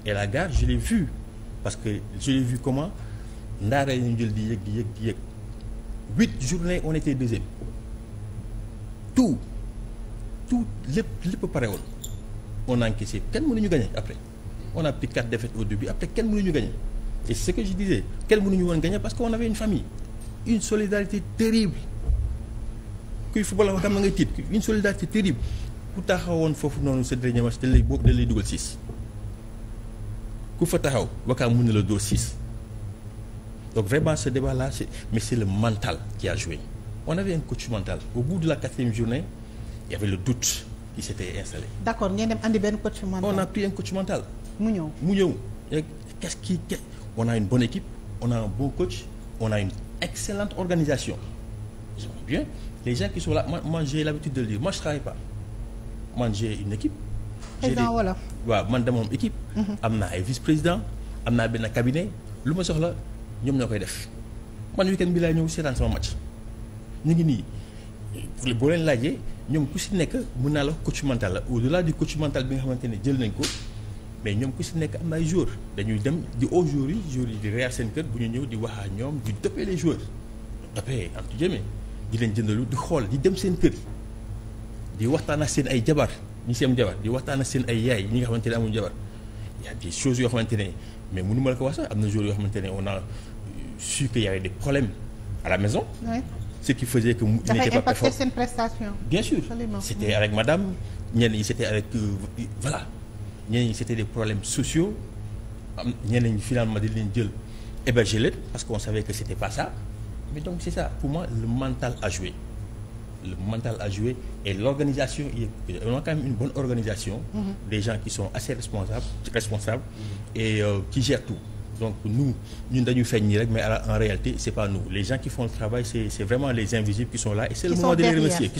et la gare je l'ai vue parce que je l'ai vue comment ndaara ñu jël di yëg di yëg di yëg huit journées on était deuxième tout tout lépp lépp pare woon on a encaissé kenn mënuñu gagné après on a pris quatre défaites au début après kenn mu gagné et c'est ce que je disais kenn mënuñu woon gagné parce que on avait une famille une solidarité terrible kuy football la wax xam na ngay tiit une solidarité terrible ku taxawoon foofu noonu sa dernier match dañ lay bokk dañ lay dugal six ku fa taxaw wakaam mu na la doo six donc vraiment ce débat là c'est mais c'est le mental on avait un coach mental au bout de la quatrième journée il y avait le doute qui s'était installé. d'accord ngeen dem andi benn coach mental. on a pris un coach mental. mu ñëw mu ñëw qu'est-ce qui on a une bonne équipe on a un bon coach on a une excellente organisation. je bien les gens qui sont là man man de le dire moi président am équipe. Mhm. am naa ay vice-président am naa benn cabinet lu ma soxla ñoom ñoo koy def man week bi laay ñëw seetaan sama match. ñu ngi nii boo leen laajee ñoom ku si nekk mën naa la coach mental la au delà du coach bi nga xamante ne jël nañ ko mais ñoom ku si nekk am na ay joueurs dañuy dem di au jour yi jour yi di reer seen kër bu ñu ñëw di wax ak ñoom di dëppee les joueurs dëppee am tu di leen jëndalu di xool di dem seen kër di waxtaan ak seen ay jabar ñi seen jabar di waxtaan seen ay yaay ñi nga xamante ne amuñu jabar y a des choses yoo xamante ne mais munuma la ko wax sax am na jour yoo xamante ne on a su que y avait des ce qui faisait que. il n'était pas performant seen prestation. bien sûr Absolument. avec madame ñenn ñi c' avec euh, voilà ñenn ñi des problèmes sociaux am ñenn finalement di leen jël héberger parce qu'on savait que c' était pas ça mais donc c' est ça pour moi le mental a joué le mental a joué et l'organisation on a quand même une bonne organisation. Mm-hmm. des gens qui sont assez responsables mm-hmm. et euh, qui gèrent tout. donc ñu ñun dañu feeñ nii rek mais en réalité c'est pas nous les gens qui font le travail c'est c'est vraiment les invisibles qui sont là et c'est le moment de les remercier qui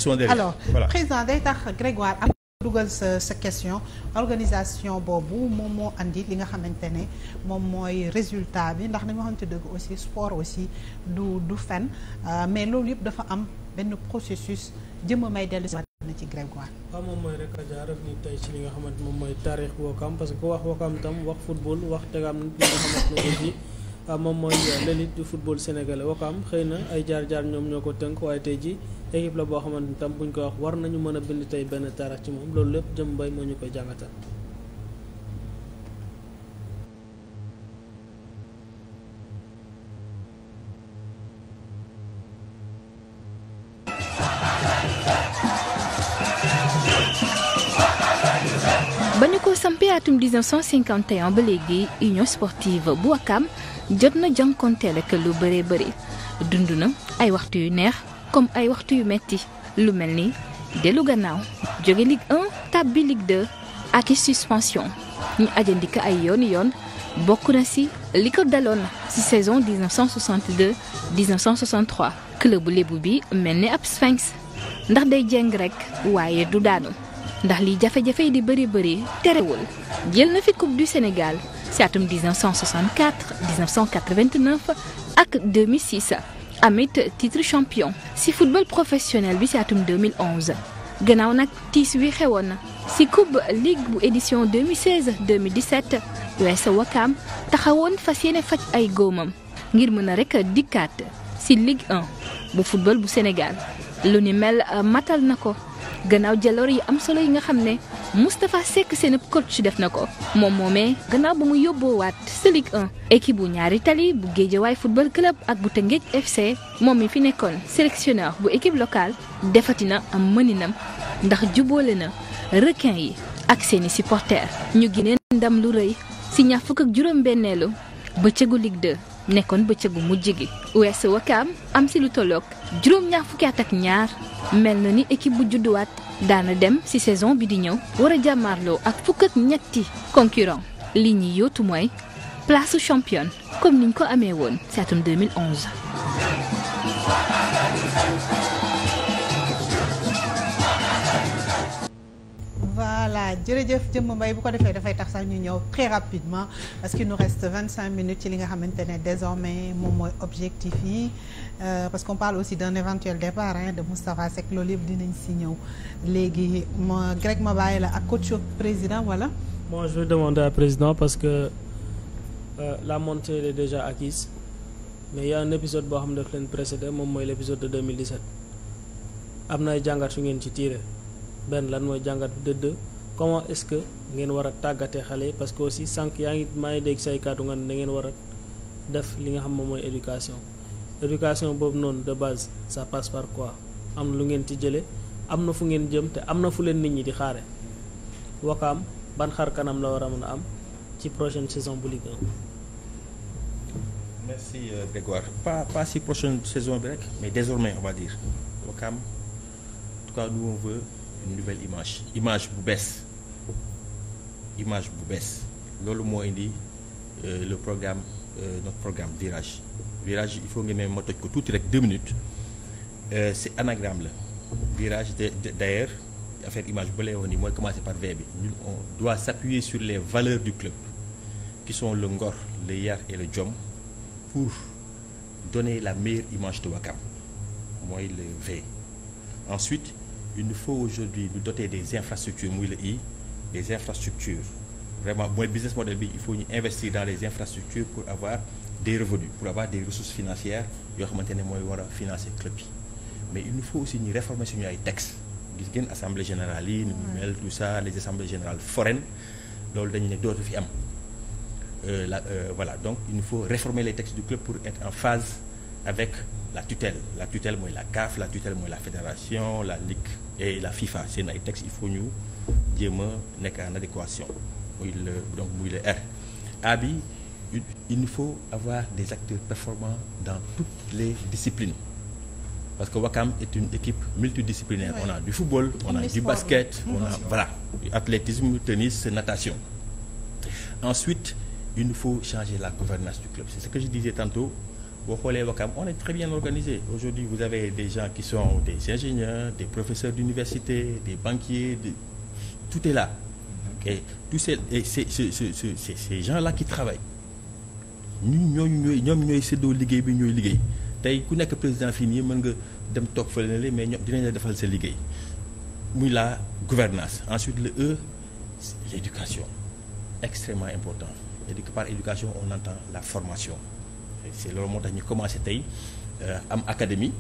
président day tax Grégoire am dugal sa question organisation boobu moom moo indi li nga xamante ne moom mooy résultat bi ndax dañoo xamante dëgg aussi sport aussi du du fen euh, mais loolu yëpp dafa am benn processus jëmm may dellu na ci Grégoire. waaw moom mooy rek Adja tey ci li nga xamante moom mooy taarix Wakaam parce que ku wax Wakaam tam wax football wax tegaam nit li nga xamante ah, moom mooy l'élite du football sénégalais Wakaam xëy na ay jaar-jaar ñoom ñoo ko tënk waaye tey ji équipe la boo xamante ni tam buñ koy wax war nañu mën a bind tey benn taarix ci moom loolu lépp jëm mbay moo ñu koy jàngatal. atum 1951 ba léegi union sportive bu Wakam jot na jànkonteel ak lu bëree bëri dund na ay waxtu yu neex comme ay waxtu yu metti lu mel ni dellu gannaaw jóge Ligue 1 tàbbi Ligue 2 ak i suspension ñu ajandika ay yoon yoon bokk na ci li ko daloon ci saison 1962 1963 club bu lébu bi mel ni ab sphinx ndax day jeng rekk waaye du daanu. ndax li jafe-jafe yi di bëri bëri terewul jël na fi coupe du Sénégal ci atum 1964 1989 ak 2006 amit titre champion ci football professionnel bi ci atum 2011 gannaaw nag tiis wi xewoon na ci coupe ligue bu édition 2016 2017 US Ouakam taxawoon fas yéene faj ay góomam ngir mën a rek dikkaat ci Ligue 1 bu football bu Sénégal lu ni mel matal na ko. gannaaw jaloor yi am solo yi nga xam ne Moustapha Seck seen coach def na ko moom moomee gannaaw ba mu yóbboowaat sa Ligue 1 équipe bu ñaari tali bu Géejawaay football club ak bu Tëngéej FC moom mi fi nekkoon sélectionneur bu équipe locale defati na am mëninam ndax juboole na requin yi ak seeni supporters ñu gineen ndam lu rëy si ñaar fukk ak juróom benneelu bëccëgu Ligue 2 nekkoon bëccëgu mujj gi weesu wakaam am ci lu tolloog juróom-ñaar fukki at ak ñaar mel na ni équipe bu judduwaat daana dem ci saison bi di ñëw war a jàmmaarloo ak fukk ñetti concurrent li ñuy yootu mooy place championne comme niñ ko amee woon si atum 2011. voilà jërëjëf jëmm mbay bu ko defee dafay tax sax ñu ñëw très rapidement parce que nous reste vingt cinq minutes ci li nga xamante ne désormais moom mooy objectif yi euh, que qu'on parle aussi d'un éventuel départ hein, de Moustapha Seck loolu yëpp dinañ si ñëw léegi ma Greg ma bàyyi la ak coach président voilà bon je vais demander président parce que euh, la montée elle est déjà acquise mais il y a un épisode boo xam ne daf leen précédé moom mooy l'épisode de 2017 am na jàngat su ngeen ci tiire benn lan mooy jàngat dëdd comment est-ce que ngeen war a tàggatee xale yi parce que aussi sànq yaa ngi maa dégg say kàddu nga ne da ngeen war def li nga xam moom mooy éducation éducation boobu noonu de base ça passe par quoi am na lu ngeen ci jëlee am na fu ngeen jëm te am na fu leen nit ñi di xaare wakaam ban xar kanam la war a mën a am ci prochaine saison bu Ligue 1 merci euh, Grégoire pas si prochaine saison bi rek mais désormais on va dire wakaam en tout une nouvelle image image bu bees image bu bees loolu moo indi euh, le programme euh, notre programme virage virage il faut nga ma toj ko tuuti rek deux minutes euh, c'est anagramme la virage de, de d'ailleurs affaire image bu lay wax nii mooy commencer par V bi ñun on doit s'appuyer sur les valeurs du club qui sont le ngor le yar et le jom pour donner la meilleure image de Wakam mooy le V ensuite il nous faut aujourd'hui nous doter des infrastructures muy la i des infrastructures vraiment mooy business model bi il faut ñu investir dans les infrastructures pour avoir des revenus pour avoir des ressources financières yoo xamante ne mooy wara a club yi mais il nous faut aussi ñu réformer suñu ay textes gis ngeen assemblée général yi nu mu mm. mel tout ça les assemblées générales foraines loolu dañu ne dootu fi am euh, la euh, voilà donc il nous faut réformer les textes du club pour en phase avec la tutelle la tutelle mooy la CAF la tutelle mooy la fédération la ligue et la FIFA seen ay textes il faut ñu jéem a nekk en adéquation muy le donc muy le R A bi il faut avoir des acteurs performants dans toutes les disciplines parce que Wakam est une équipe multidisciplinaire on a du football on, on a mmh. du basket oui. on a voilà athlétisme tennis natation ensuite il nous faut changer la gouvernance du club c'est ce que je disais tantôt boo xoolee Wakam on est très bien organisé aujourd'hui vous avez des gens qui sont des ingénieurs des professeurs d'université des banquiers de tout est là et tous ces et ces ces ces ces ces gens-là qui travaillent ñun ñooñu ñooy ñoom ñooy séddoo liggéey bi ñooy liggéey tey ku nekk président fii nii mën nga dem toog fële na la mais ñoom dinañ la defal sa liggéey muy la gouvernance ensuite le E l'éducation extrêmement important et par éducation on entend la formation c'est loolu moo tax ñu commencé tey euh, am académie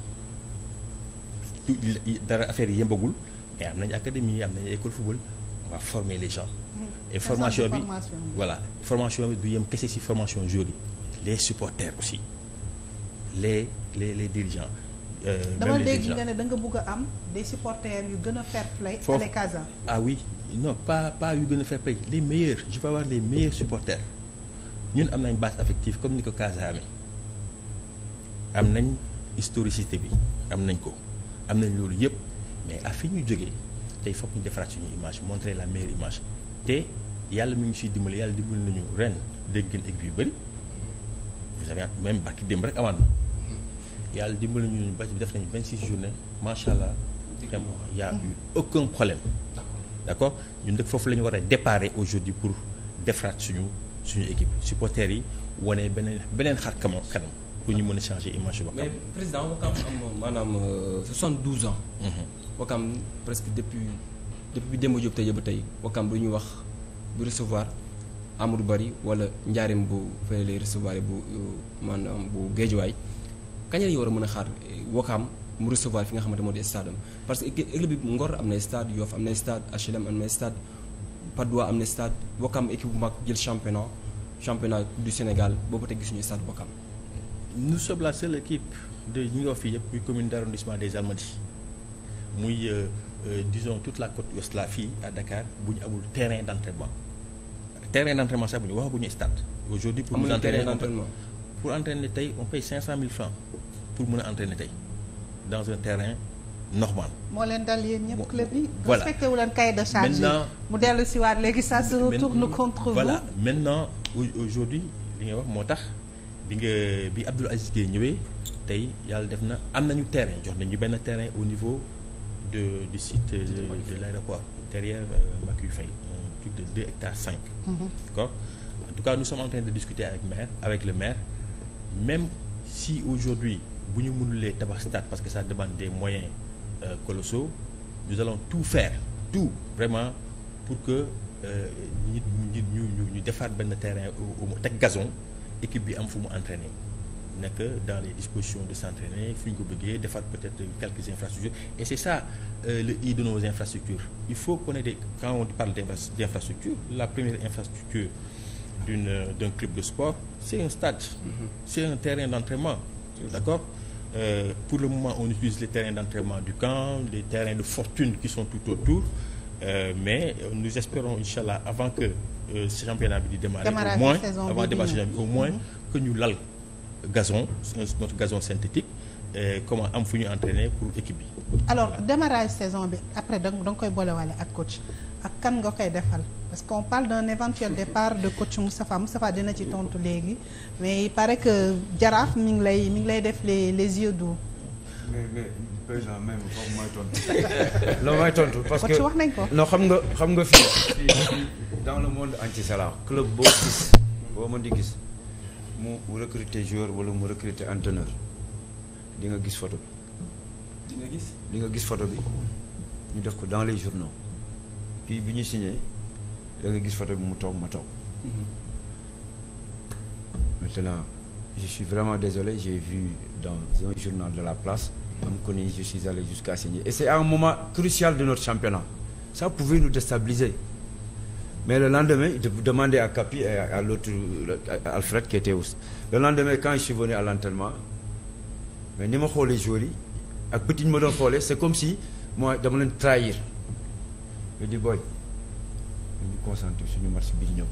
dara affaire yi yëmbagul mais am nañu académie am nañu école football on former les gens. Hmm. formation bi voilà formation bi du yem kese si formation joueurs yi les supporters aussi les les les dirigeants. Euh, dama dégg nga ne da nga bëgg a am des supporters yu gën a fer play à les ah oui non pas pas yu gën a fair play les meilleurs je veux avoir meilleurs supporters. ñun am nañ base affective comme ni ko Casa amee am nañ historicité bi am nañ ko am nañ loolu yëpp mais a fi ñu jógee tey foog ñu defaraat suñu image montrer la meilleure image te yàlla mi ngi siy dimbali yàlla dimbali nañu ren dégg ngeen équipe même barki démb rek amaan na yàlla dimbali ñu bàcc bi def nañu 26 journées macha allah dem y a eu ñun dëkk foofu la ñu war a déparé aujourd'hui pour defaraat suñu. suñu équipe supporters yi wane beneen beneen xar kanam pour ñu mën a changer image Wakam. mais président Wakam am maanaam 72 euh, ans. Mhm. Wakam presque depuis depuis Demba Diop tey ba tey Wakam du ñu wax bu recevoir Amadou Bari wala njaarim bu fële lay recevoir bu euh, maanaam bu géejuwaay kañ la ñu war a mën a xaar euh, Wakam mu recevoir fi nga xamante moo di stade parce que équipe bi Ngor am na stade Yoff am na stade HLM am na stade. Patte d'Oie am na stade Wakam équipe bu mag jël championnat championnat du Sénégal boobu tey gisuñu stade Wakam. nous sommes la seule équipe de ñi nga wax fii yëpp muy commune d' arrondissement des Almadies muy euh, euh, disons toute la côte ouest la fii à Dakar bu ñu amul terrain d' entraînement terrain d' entraînement sax bu ñu waxaguñu stade. aujourd'hui pour nous entraîner pour entraîner tey on paye mille francs pour mun a entraîner tey dans un terrain. normal. moo leen dal yéen ñëpp club yi. voilà wu leen cahier de charge yi mu dellu si waat léegi ça se retourne contre vous. voilà maintenant aujourd'hui li nga wax moo tax bi nga bi Abdoul Aziz Gueye ñëwee tey yàlla def na am nañu terrain jox ñu benn terrain au niveau de du site euh, de l'aéroport derrière euh, Macky Faye un truc de deux hectares cinq. Mhm. d'accord en tout cas nous sommes en train de discuter avec maire avec le maire même si aujourd'hui bu ñu mënulee tabax stade parce que ça demande des moyens. Euh, colossaux nous allons tout faire tout vraiment pour que ñu euh, ñu ñu ñu defaat benn terrain au moins teg gazon équipe bi am fu mu entraîner nekk dans les dispositions de s'entraîner fi ñu ko buggee defaat peut-être quelques infrastructures et c'est ça euh, le i de nos infrastructures il faut qu'on ait des quand on parle d'infrastructure la première infrastructure d'une euh, d'un club de sport c'est un stade mm-hmm. c'est un terrain d'entraînement d'accord Euh, pour le moment, on utilise les terrains d'entraînement du camp, les terrains de fortune qui sont tout autour. Euh, mais euh, nous espérons, Inch'Allah, avant que euh, ce championnat de démarre, au moins, avant de démarrer, au moins, que nous l'allons gazon, euh, notre gazon synthétique, et euh, comment am fu ñu entraîner pour équipe bi. alors voilà. saison bi après da nga koy boolewale ak coach. ak kan nga koy defal parce qu'on parle d'un éventuel départ de coach Moustapha Moustapha dina ci tontu léegi mais il paraît que Jaraaf mi ngi lay mi ngi lay def les les yeux doux. mais mais président même foofu mooy tontu. loolu mooy tontu parce que wax nañ ko. non xam nga xam nga fii dans le monde entier sala club boo gis boo mën di gis mu recruter joueur wala mu recruter entraîneur di nga gis photo bi. di nga gis di nga gis photo bi ñu def ko dans les journaux. kii bi ñu signé da nga gis foto bi mu toog ma toog. maintenant je suis vraiment désolé j'ai vu dans un journal de la place. am ko ni je suis allé jusqu'à signer et c'est un moment crucial de notre championnat ça pouvait nous déstabiliser mais le lendemain de demander à Capi et à, à l'autre Alfred qui était aussi le lendemain quand je suis venu à l'entraînement mais ni ma xoolee joueurs yi ak petit ñu ma doon xoolee c'est comme si moi dama leen trahir. ñu di booy ñu concentré suñu match bi ñëw.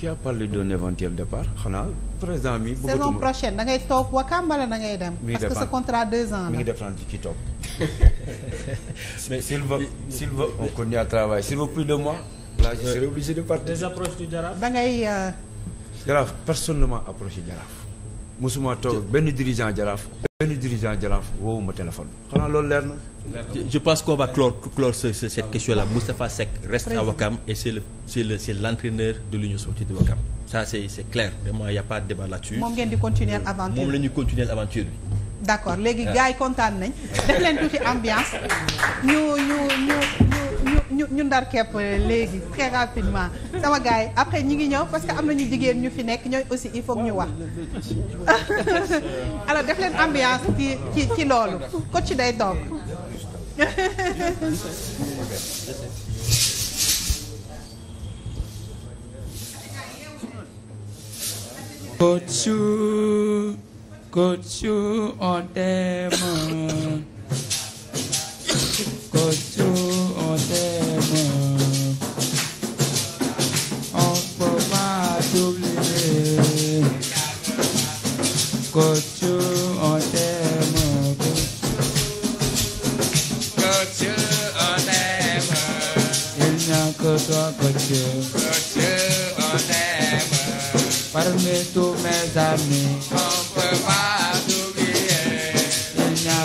qui a parlé d'un éventuel départ xanaa président bi. bëggatuma saison prochaine da ngay toog Wakam wala da ngay dem. parce que ce contrat deux ans la mi ngi dépendre ci kii toog. mais s'il veut s'il veut on continue à travailler s'il veut plus de moi. là je serai obligé de partir. des da ngay. Euh, Jaraaf personnellement approché Jaraaf. musuma toog benn dirigeant jaraaf benn dirigeant jaraaf woowu ma téléphone xanaa loolu leer na. je pense qu'on va clore clore ce, ce, cette question là ah. Moustapha Seck reste Président. à Wakam et c'est le c'est le c'est l'entraîneur de l'Union sportive de Wakam ça c'est clair vraiment y a débat là-dessus. moom ngeen di continuer aventure moom la ñuy aventure bi. d'accord léegi ah. gars yi nañ def leen tuuti ambiance ñu ñu ñu. ñu ñu ndar kepp euh, léegi très rapidement sama gars yi après ñi ngi ñëw parce que am nañu jigéen ñu fi nekk ñooy aussi il faut ñu wax alors def leen ambiance ci ci ci loolu coach day toog kocu ote mo kocu ote mo ilnya kotua kocu kocu ote mo parmi tu mes amis on peut pas oublier ilnya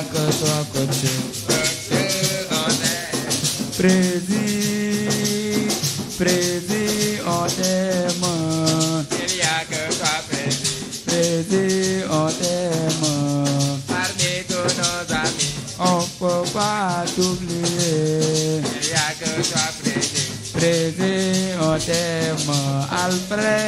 al frente.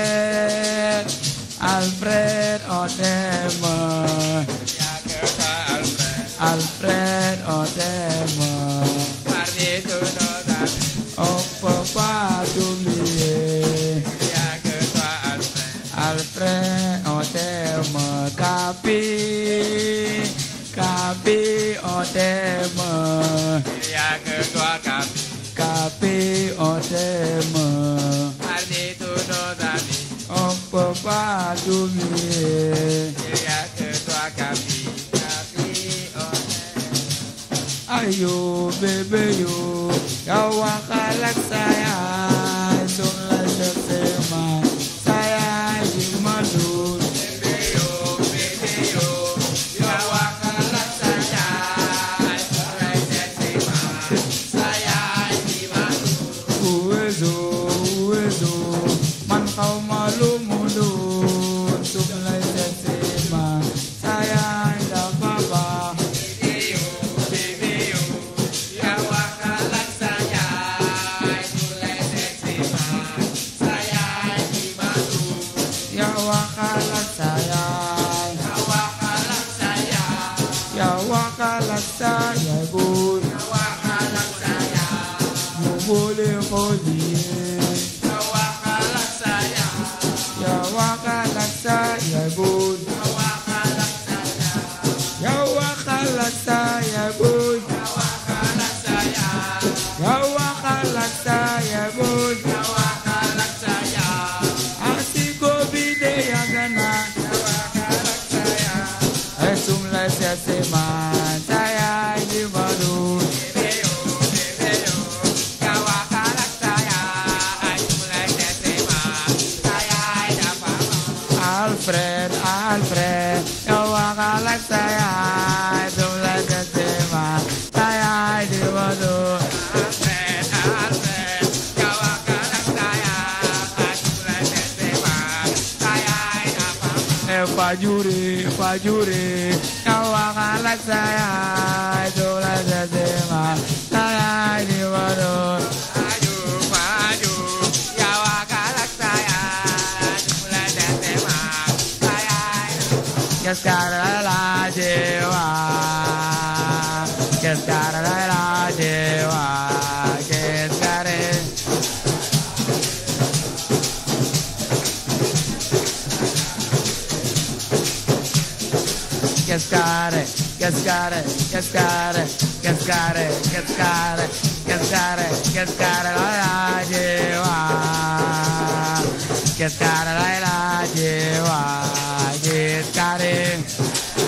cascare, cascare, cascare, cascare, cascare, cascare, cascare la lleva, cascare la la lleva, cascare.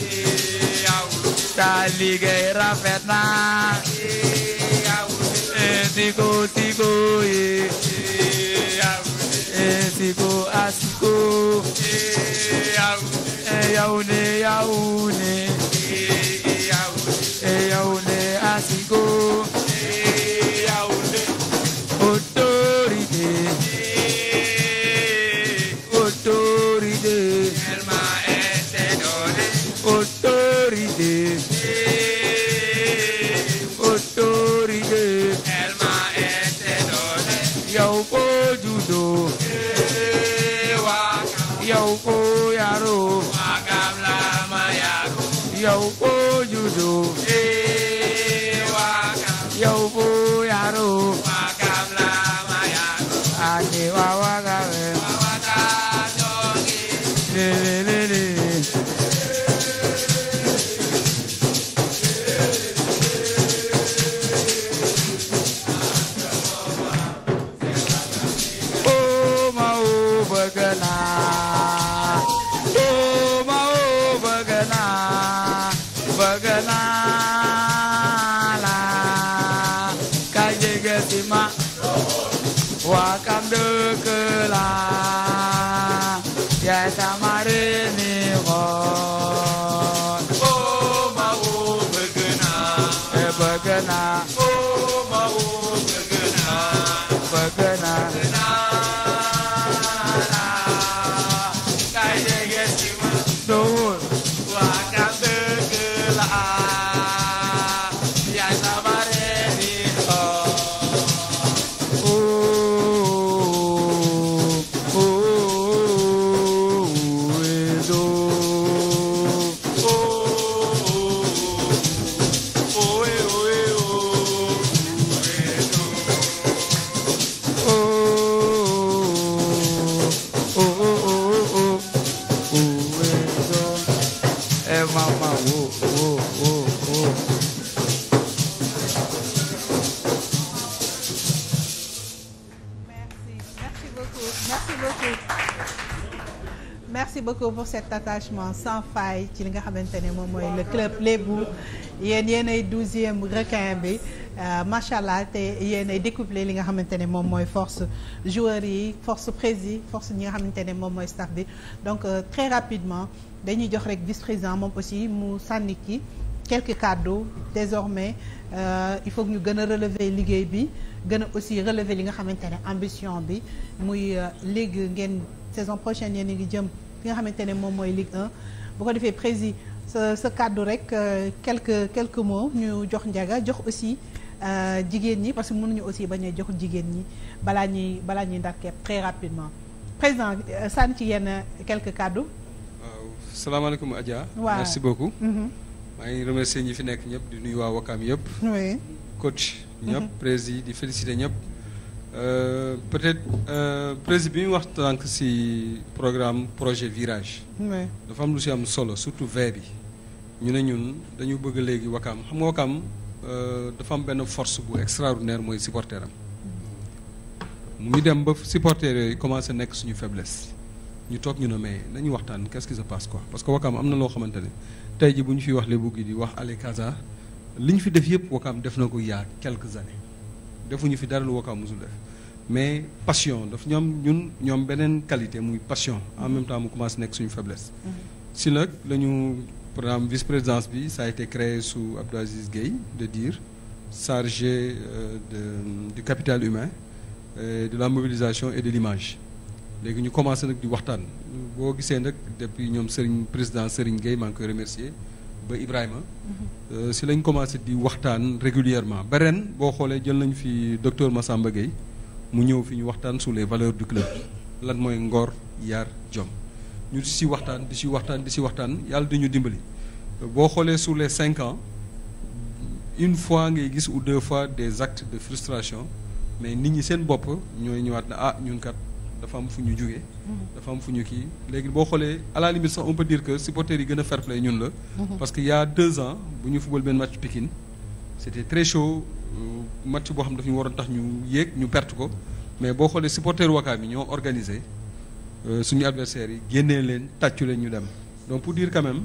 sa liggéey rafet na tigo tigo ye tigo asiko yaw ne yaw ne yaw ne asiko autorité cet attachement sans faille ci li nga xamante ne moom mooy le club Lébou yéen yéenay douzième requin bi euh, macha allah te ay découpler li nga xamante ne moom mooy force joueurs yi force prési force ñi nga xamante ne moom mooy staff bi donc euh, très rapidement dañuy jox rek vice moom aussi mu sànni ki quelques cadeaux désormais euh, il faut ñu gën a relever liggéey bi gën a aussi relever li nga xamante ne ambition bi muy euh, léegi ngeen saison prochaine yéen a ngi jëm. ki nga xamante ne moom mooy Ligue 1 ko defee président sa sa kàddu rek euh, quelques quelques mots ñu jox njaga jox aussi euh, jigéen ñi parce que mun mënuñu aussi bañ a jox jigéen ñi balaa ñuy balaa ñuy ndarkeep très rapidement président euh, sànni ci yenn quelques kàddu waaw salaamaaleykum Adja waaw merci beaucoup mm-hmm. maa remercier ñi fi nekk ñëpp di nuyu waa Wakaam yëpp coach ñëpp mm-hmm. président di féliciter ñëpp Euh, peut-être euh, président bi mu wax tànk ci programme projet virage. dafa am lu si am solo surtout V bi. ñu ne ñun dañu bëgg léegi Wakaam xam nga Wakaam euh, dafa am benn force bu extraordinaire mooy supporter mu ngi dem ba supporter yooyu commencé nekk suñu faiblesse. ñu toog ñu ne mais nañu waxtaan qu'est-ce qui passe quoi parce que Wakaam am na loo xamante ne tey ji bu ñu fi wax le buggi di wax Allez Casa li ñu fi def yëpp Wakaam def na ko il y a quelques années. defuñu fi dara lu Wakaam musul def mais passion daf ñoom ñun ñoom beneen qualité muy passion en même temps mu commence nekk suñu faiblesse. Mm-hmm. si nag la ñu programme vice présidence bi sa a été créé sous Abdou Aziz Gueye de dire chargé euh, de du capital humain de la mobilisation et de l'image léegi ñu commencé nag di waxtaan boo gisee nag depuis ñoom Serigne président Serigne Gueye maa koy remercier ba Ibrahima. Euh, si lañ commencé di waxtaan régulièrement ba ren boo xoolee jël nañu fi docteur Massamba Gueye mu ñëw fi ñu waxtaan sur valeur valeurs du club lan mooy ngor yar jom ñu si waxtaan di si waxtaan di si waxtaan yàlla di ñu dimbali. boo xoolee sur les cinq ans une fois ngay gis ou deux fois des actes de frustration mais nit ñi seen bopp ñooy ñëwaat na ah ñun kat. dafa am fu ñu jugee. dafa am fu ñu kii léegi boo xoolee à la limite sax on peut dire que supporters yi gën a fair play ñun la. Mhm. parce que y' a deux ans bu ñu football benn match Pikine c' était très euh, match boo xam daf ñu waroon tax ñu yéeg ñu perte ko mais boo xoolee supporters Wakaam bi ñoo organisé euh, suñu adversaires yi génnee leen tàccu leen ñu dem donc pour dire quand même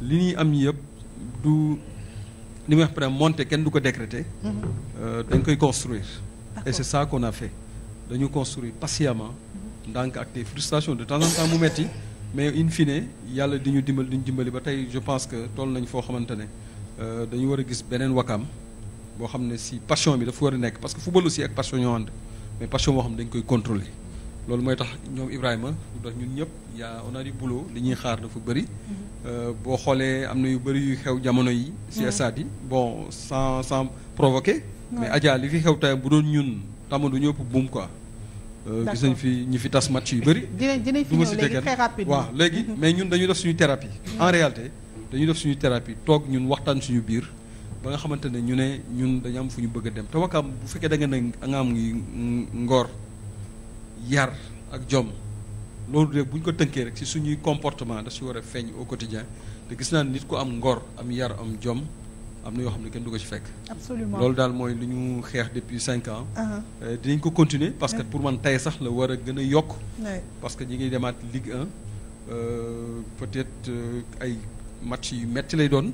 li ñuy am yëpp du. li muy wax monté kenn du ko décréter. Mhm. Euh, dañ koy construire. et c'est ça dañu construire patiemment ndànk ak des frustrations de temps en temps mu metti mais in fine yàlla di ñu dimbali di ñu dimbali ba tey je pense que toll nañ foo xamante ne euh, dañu war a gis beneen wakam boo xam ne si passion bi dafa war a nekk parce que football aussi ak passion ñoo ànd mais passion boo xam ne dañ koy contrôler loolu mooy tax ñoom Ibrahima ndax ñun ñëpp yaa on a du xaar dafa bëri mm-hmm. euh, boo xoolee am na yu bëri yu xew jamono yi si mm-hmm. stade yi bon sans sans provoquer mais Adja li fi xew tey bu doon ñun tamaduñu ëpp buum quoi Euh, gis nañ fi ñi fi tas match yu bëri. dinañ dinañ fi ñëw léegi très rapide waaw léegi mais ñun dañuy def suñu thérapie. Mm. en réalité dañuy def suñu thérapie toog ñun waxtaan suñu biir ba nga xamante ne ñu ne ñun dañu am fu ñu bëgg a dem te wakkaam bu fekkee da nga ne nga am ngor yar ak jom loolu de bu ñu ko tënkee rek ci suñuy comportement da si war a feeñ au quotidien te gis naa nit ko am ngor am yar am jom. am na yoo xam ne kenn du ko ci fekk. absolument loolu daal mooy lu ñu xeex depuis cinq ans. Euh, dañ ko continuer parce que pour man tey sax la war a gën a yokk. parce que ñi ngi demaat Ligue 1 euh, peut-être euh, ay match yu metti lay doon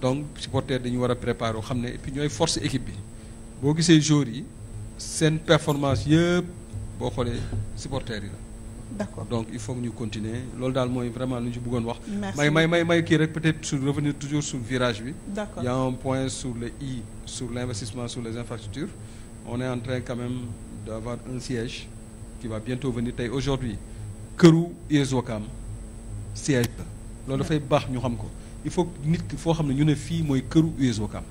donc supporters dañu war a prépare préparer xam ne et ñooy force équipe bi boo gisee joueurs yi seen performance yëpp boo xoolee supporters yi la. d'accord donc il faut que ñu continuer loolu daal mooy vraiment lu ñu buggoon bëggoon wax. may may may may kii rek peut-être sur revenir toujours sur virage bi. d'accord il y a un point sur le i sur l'investissement sur les infrastructures on est en train quand même d'avoir un siège qui va bientôt venir tey aujourd'hui këru US Ouakam siège la loolu dafay baax ñu xam ko il faut nit ki foo xam ne ñu ne fii mooy këru US Ouakam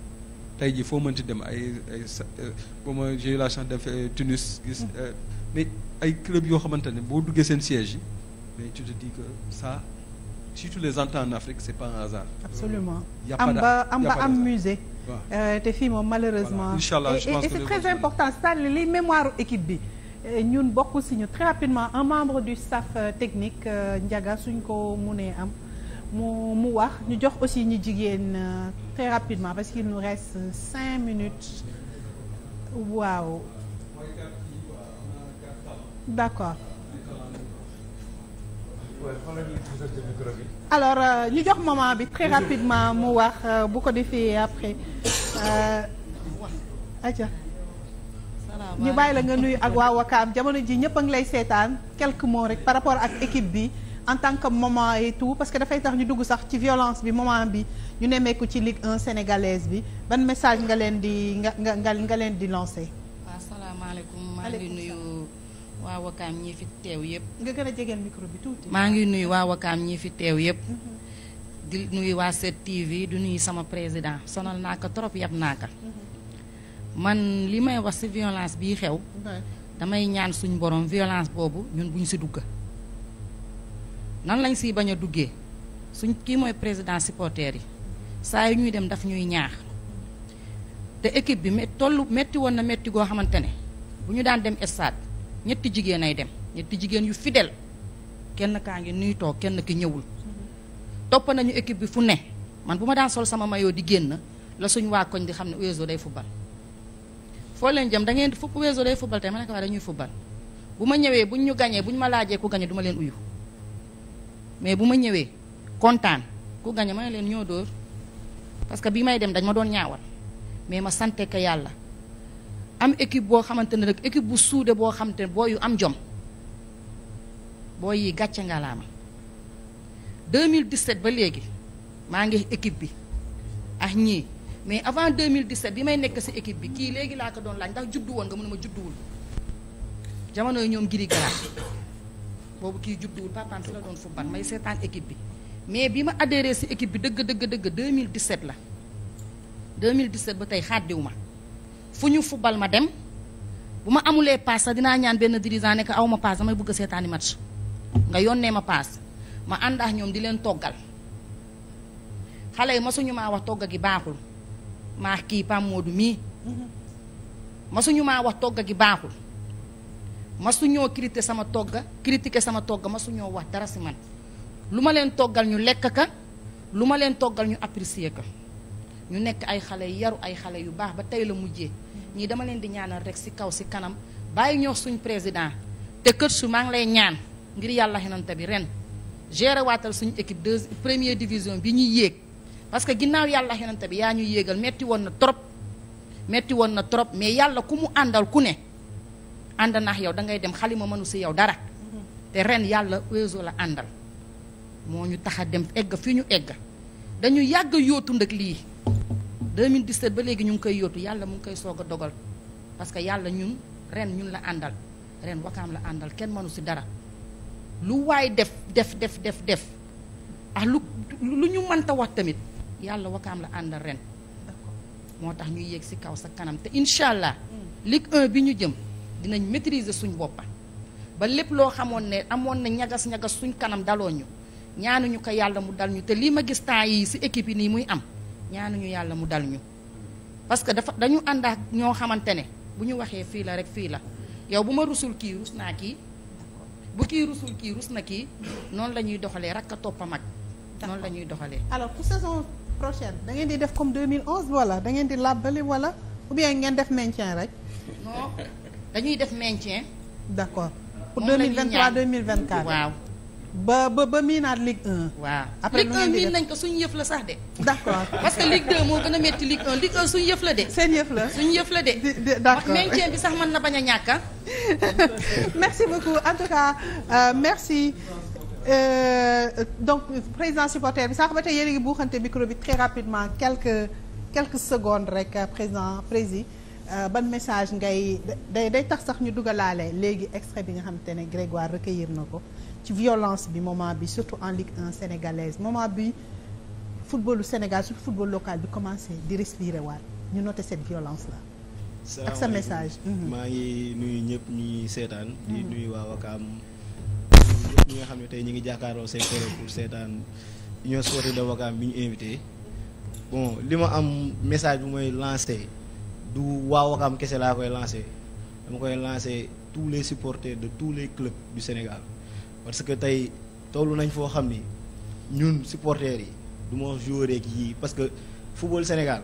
tey jii foo mënti dem ay ay sa euh, ba ma j'ai la chance gis mm. euh, mais. ay club yoo xamante ne boo duggee seen siège yi mais tu te dis que ça si les entends en Afrique c'est pas un hasard. absolument am ba am ba am musée. Euh, te fii moom malheureusement. Voilà. incha allah je pense et, et que équipe bi. Euh, ñun bokk si ñu très rapidement un membre du staff euh, technique njaga suñ ko munee am mu mu wax ñu jox aussi ñu jigéen très rapidement parce qu'il nous reste cinq minutes waaw. d'accord alors euh, ñu jox moment bi très rapidement mu wax euh, bu ko defee après euh, aca ñu bàyyi la nga nuyu ak waawakaam jamono ji ñëpp a ngi lay seetaan quelque mots rek par rapport ak équipe bi en tant que moment et tout parce que dafay tax ñu dugg sax ci violence bi moment bi ñu nemmeeku ci Ligue 1 sénégalaise bi ban message nga leen di nga nga nga nga leen di lancer. waaw salaamaaleykum maa ngi nuyu waa Wakaam ñi fi teew yëpp. nga a jegeel micro bi maa ngi nuyu waa ñii fi teew yëpp. Mhm. di nuyu waa 7TV du nuy sama président sonal naa ko trop yab naa ko. Mhm. man li may wax ci violence bii xew. damay ñaan suñ borom violence boobu ñun buñ si dugg. nan lañ si bañ a duggee suñ kii mooy président supporters yi saa yi ñuy dem daf ñuy ñaax te equipe bi mét tollu métti woon na métti goo xamante ne bu ñu daan dem stade. ñetti jigéen ay dem ñetti jigéen yu fidel kenn kaa ngi nuy toog kenn ki ñëwul topp nañu équipe bi fu ne man bu ma daan sol sama mayoo di génn la suñ waa koñ di xam ne Ouezo day fubal foo leen jëm da ngeen fu Ouezo day fubal tey ma ne ko dañuy fubal bu ma ñëwee buñ ñu gañee bu ñu ma laajee ku gañe duma leen uyu mais bu ma ñëwee kontaan ku gañe ma ne leen ñoo dóor parce que bi may dem dañ ma doon ñaawal mais ma sante ko yàlla am équipe boo xamante ne rek équipe bu suude boo xamante ne boo yu am jom boo yi gàcce ngalaama 2017 ba léegi maa ngi équipe bi ak ñii mais avant 2017 bi may nekk si équipe bi kii léegi laa ko doon laaj ndax juddu woon nga mën ma judduwul jamonoy ñoom giri garaat boobu kii judduwul papaam si la doon football may seetaan équipe bi mais bi ma adhéré si équipe bi dëgg dëgg dëgg 2017 la 2017 ba tey xàddiwu ma fu ñu football ma dem bu ma amulee paas sax dinaa ñaan benn dirigeant nekk que aw ma paas damay bëgg a seetaani match nga yónnee ma paas ma ànd ak ñoom di leen toggal xale yi masuñu maa wax togg gi baaxul maa kii Pam Modou mii masuñu maa wax togg gi baaxul masuñoo critiquer sama togg critiquer sama togg masuñoo wax dara si man lu ma leen toggal ñu lekk ka lu ma leen toggal ñu apprécier ka ñu nekk ay xale yaru ay xale yu baax ba tey la mujjee ñii dama leen di ñaanal rek si kaw si kanam bàyyi ñoo suñ président te kër su maa ngi lay ñaan ngir yàlla xinante bi ren géré waatal suñu équipe de première division bi ñuy yéeg parce que ginnaaw yàlla xinante bi yaa ñu yéegal metti woon na trop metti woon na trop mais yàlla ku mu àndal ku ne ànd naax yow da ngay dem xalima mënu si yow dara te ren yàlla Wezo la àndal moo ñu tax a dem egg fi ñu egg dañu yàgg yootu nag lii 2017 ba léegi ñu ngi koy yóotu yàlla mu ngi koy sooga a dogal parce que yàlla ñun ren ñun la àndal ren wakaam la àndal kenn mënu si dara lu waaye def def def def def ah lu lu ñu mënta wax tamit yàlla wakaam la àndal ren moo tax ñuy yéeg si kaw sa kanam te incha allah mm. Ligue bi ñu jëm dinañ maîtriser suñ boppa ba lépp loo xamoon ne amoon na ñagas-ñagas suñ kanam daloo ñu ñaanuñu ko yàlla mu dal ñu te lii ma gis temps yi si équipe yi nii muy am ñaanuñu yàlla mu dal ñu parce que dafa dañu ànd ak ñoo xamante ne bu ñu waxee fii la rek fii la yow bu ma rusul kii rus naa kii bu kii rusul kii rus na kii noonu la ñuy doxalee rakk a topp a mag noonu la ñuy doxalee alors pour saison prochaine da ngeen di def comme mille wala da dangeen di làbbali wala ou ngeen def maintien rek non dañuy def maintien d'accord pour 2023 2024 waaw ba ba ba miinaat Ligue 1. waaw après Ligue miin nañ ko suñ yëf la sax de. d' accord parce que Ligue 2 moo gën a métti Ligue 1 Ligue 1 suñu yëf la de. seen yëf la suñu yëf la de. d' accord maintien bi sax mën na bañ a ñàkk ah. merci beaucoup en euh, merci. Euh, donc président supporter bi sax ba te yéen a ngi buuxante micro bi très rapidement quelque quelques secondes rek euh, président prési euh, ban message ngay day day tax sax ñu dugalaale léegi extrait bi nga xamante ne Grégoire recueillir na ko. ci violence bi moment bi surtout en Ligue en sénégalaise moment bi footballu Sénégal surtout football local bi commencé di respirer waat ñu noter cette violence là. ak sa message. Mhm. maa ngi nuyu ñëpp ñu seetaan. di mhm. nuyu waa Wakaam ñëpp ñi nga xam ne ñu ngi jàkkaarloo seen kër pour seetaan union de Wakaam bi ñu invité. bon li ma am message bu may lancé du waa kese laa koy lancé dama koy lancé tous les supporters de tous les clubs du Sénégal. parce que tey toll nañ foo xam ni ñun supporters yi du ma joueur yii parce que football Sénégal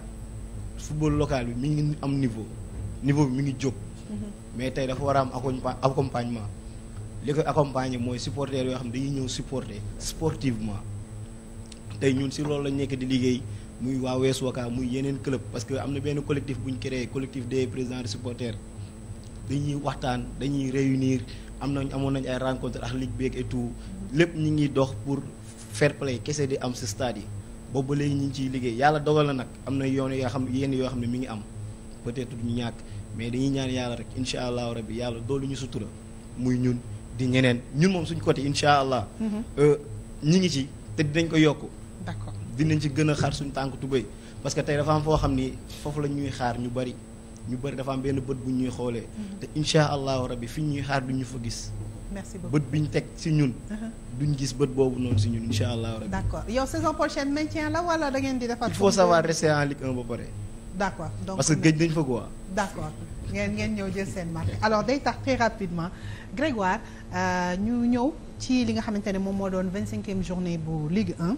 football local bi mi ngi am niveau niveau bi mi ngi jóg. Mhm. mais tey dafa war a am accompagnement li ko accompagner mooy supporters yoo xam ne dañuy ñëw supporter sportivement tey ñun si loolu lañ nekk di liggéey. muy waawee wees waka muy yeneen club parce que am na benn collectif bu ñu créé collectif des présidents de supporters dañuy waxtaan dañuy réunir am na nañ amoon nañ ay rencontre ak ligue beeg et lépp ñi ngi dox pour fair play kese di am si stade yi boobu ba léegi ñu ngi ciy liggéey yàlla dogal na nag am na yoon yoo xam yenn yoo xam ne mu ngi am peut-être du ñàkk mais dañuy ñaan yàlla rek incha allahu rabbi yàlla doolu ñu sutura muy ñun di ñeneen ñun moom suñ côté incha allah. Mm-hmm. Euh, ñi ngi ci te dinañ ko yokk. d'accord dinañ ci gën a xaar suñ tànk tubéy parce que tey dafa am foo xam ni foofu la ñuy xaar ñu bari. ñu bëri dafa am benn bët bu ñuy xoolee. Mm-hmm. te incha allahu rabbi fi ñuy xaar du ñu fa gis. merci beaucoup bët bi ñu teg si ñun. Uh-huh. duñ gis bët boobu noonu si ñun incha allahu rabbi. d' accord yow saison prochaine maintien la wala da ngeen di defar. il faut savoir rester en Ligue 1 ba pare. d' parce que géej dañ fa quoi. d' accord ngeen ngeen ñëw jël seen marque alors day tax très rapidement Grégoire euh, ñu ñëw ci li nga xamante ne moom moo doon vingt cinquième journée bu Ligue 1.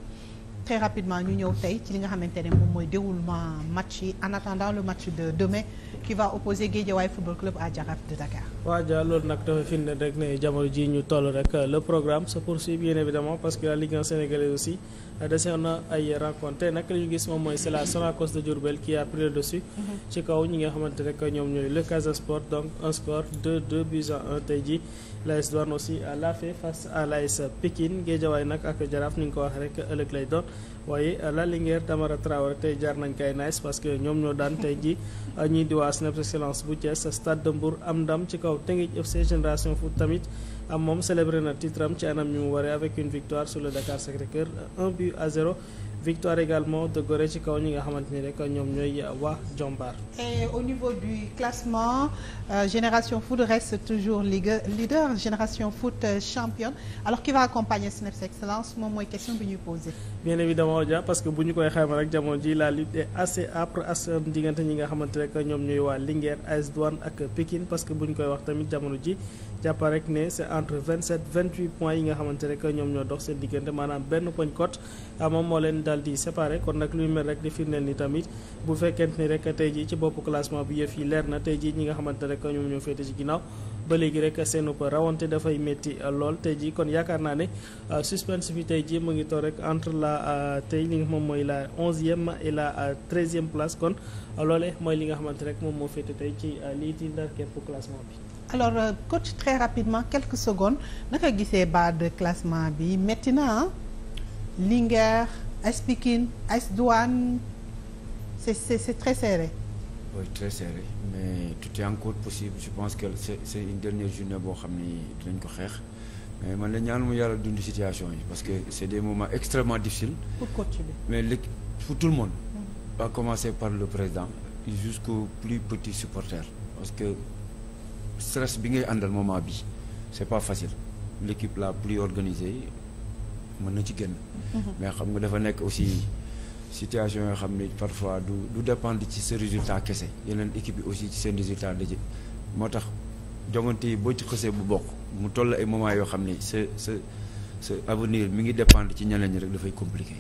très rapidement ñu ñëw tey ci li nga xamante ne moom mooy déroulement match yi en attendant le match de demain qui va opposer Guédiawaye Football Club à Jaraaf de Dakar. waaw Dia loolu nag dafa firnde rek ne jamono ji ñu toll rek le programme se poursuit bien évidemment parce que la Ligue 1 sénégalaise aussi deseoon na ay rencontre nag li ñu gis moom mooy c'est la Sonacos de Diourbel qui a pris le dessus. Mm-hmm. ci kaw ñi nga xamante rek ñoom ñooy le Casa Sport donc un score de 2 buts à aussi l'a fait face à l'AS Pikine Guédiawaye nag ak ni nga ko waxee rek ëllëg lay doon. waaye la Linguère Tamara Traoré tey jaar nañ kay nice parce que ñoom ñoo daan tey ji euh, ñii di waa SNEPS excellence bu Thiès Stade de Mbour am ndam ci kaw Teungueth FC Génération Foot tamit am moom célébré na titre am ci anam ñu mu waree avec une victoire sur le Dakar Sacré-Cœur 1 but à victoire également de Gorée ci kaw ñi nga xamante ni rek ñoom ñooy waa Jombaar. au niveau du classement euh, Génération Foot reste toujours ligue leader Génération Foot euh, championne alors qui va accompagner CNEPS Excellence moom mooy question bi ñuy posé. bien évidemment Dia parce que bu ñu koy xayma rek jamono ji la lutte est assez âpre as diggante ñi nga xamante rek ñoom ñooy waa Linguère AS Douanes ak Pikine parce que bu ñu koy wax tamit jamono ji. jàppal rek ne c'est entre 27 28 points yi nga xamante rek ñoom ñoo dox seen diggante maanaam benn poñ cote ah, moom moo leen daal di séparé kon nag luy mel rek di firndeel ni tamit bu fekkente ni rek tey jii ci boppu classement bi yëf yi leer na tey jii ñi nga xamante rek ñoom ñoo féete ci ginnaaw ba léegi rek seen rawante dafay métti ah, lool tey jii kon yaakaar naa ne ah, suspense bi tey jii mu ngi toog rek entre la tey li nga moom mooy la onzième et la treizième place kon loole mooy li nga xamante rek moom moo féete tey ci lii di ndar képp classement bi. alors euh, coach très rapidement quelques secondes a gisee bas de classement bi métti na Linguère AS Pikine AS Douane c'est c'est c'est très serré. oui très mais tout est encore possible je pense que c'est c'est une dernière journée boo xam ni dinañ ko xeex mais man la ñaan mu yàlla dund situation yi parce que c'est des moments extrêmement difficiles. pour coach bi mais li pour tout le monde. à mm. commencer par le président jusqu'au plus petit supporter parce que. stress bi ngay àndal moment bi c'est pas facile l'équipe la plus organisée mën na ci génn mhm. mais xam nga dafa nekk aussi situation yoo xam ne parfois du du dépendre ci sa résultat kese yeneen équipe yi aussi ci seen résultat daje moo tax jongante yi boo ci xësee bu bokk mu toll ay moment yoo xam ne sa sa sa avenir mi ngi dépendre ci ñeneen ñi rek dafay compliqué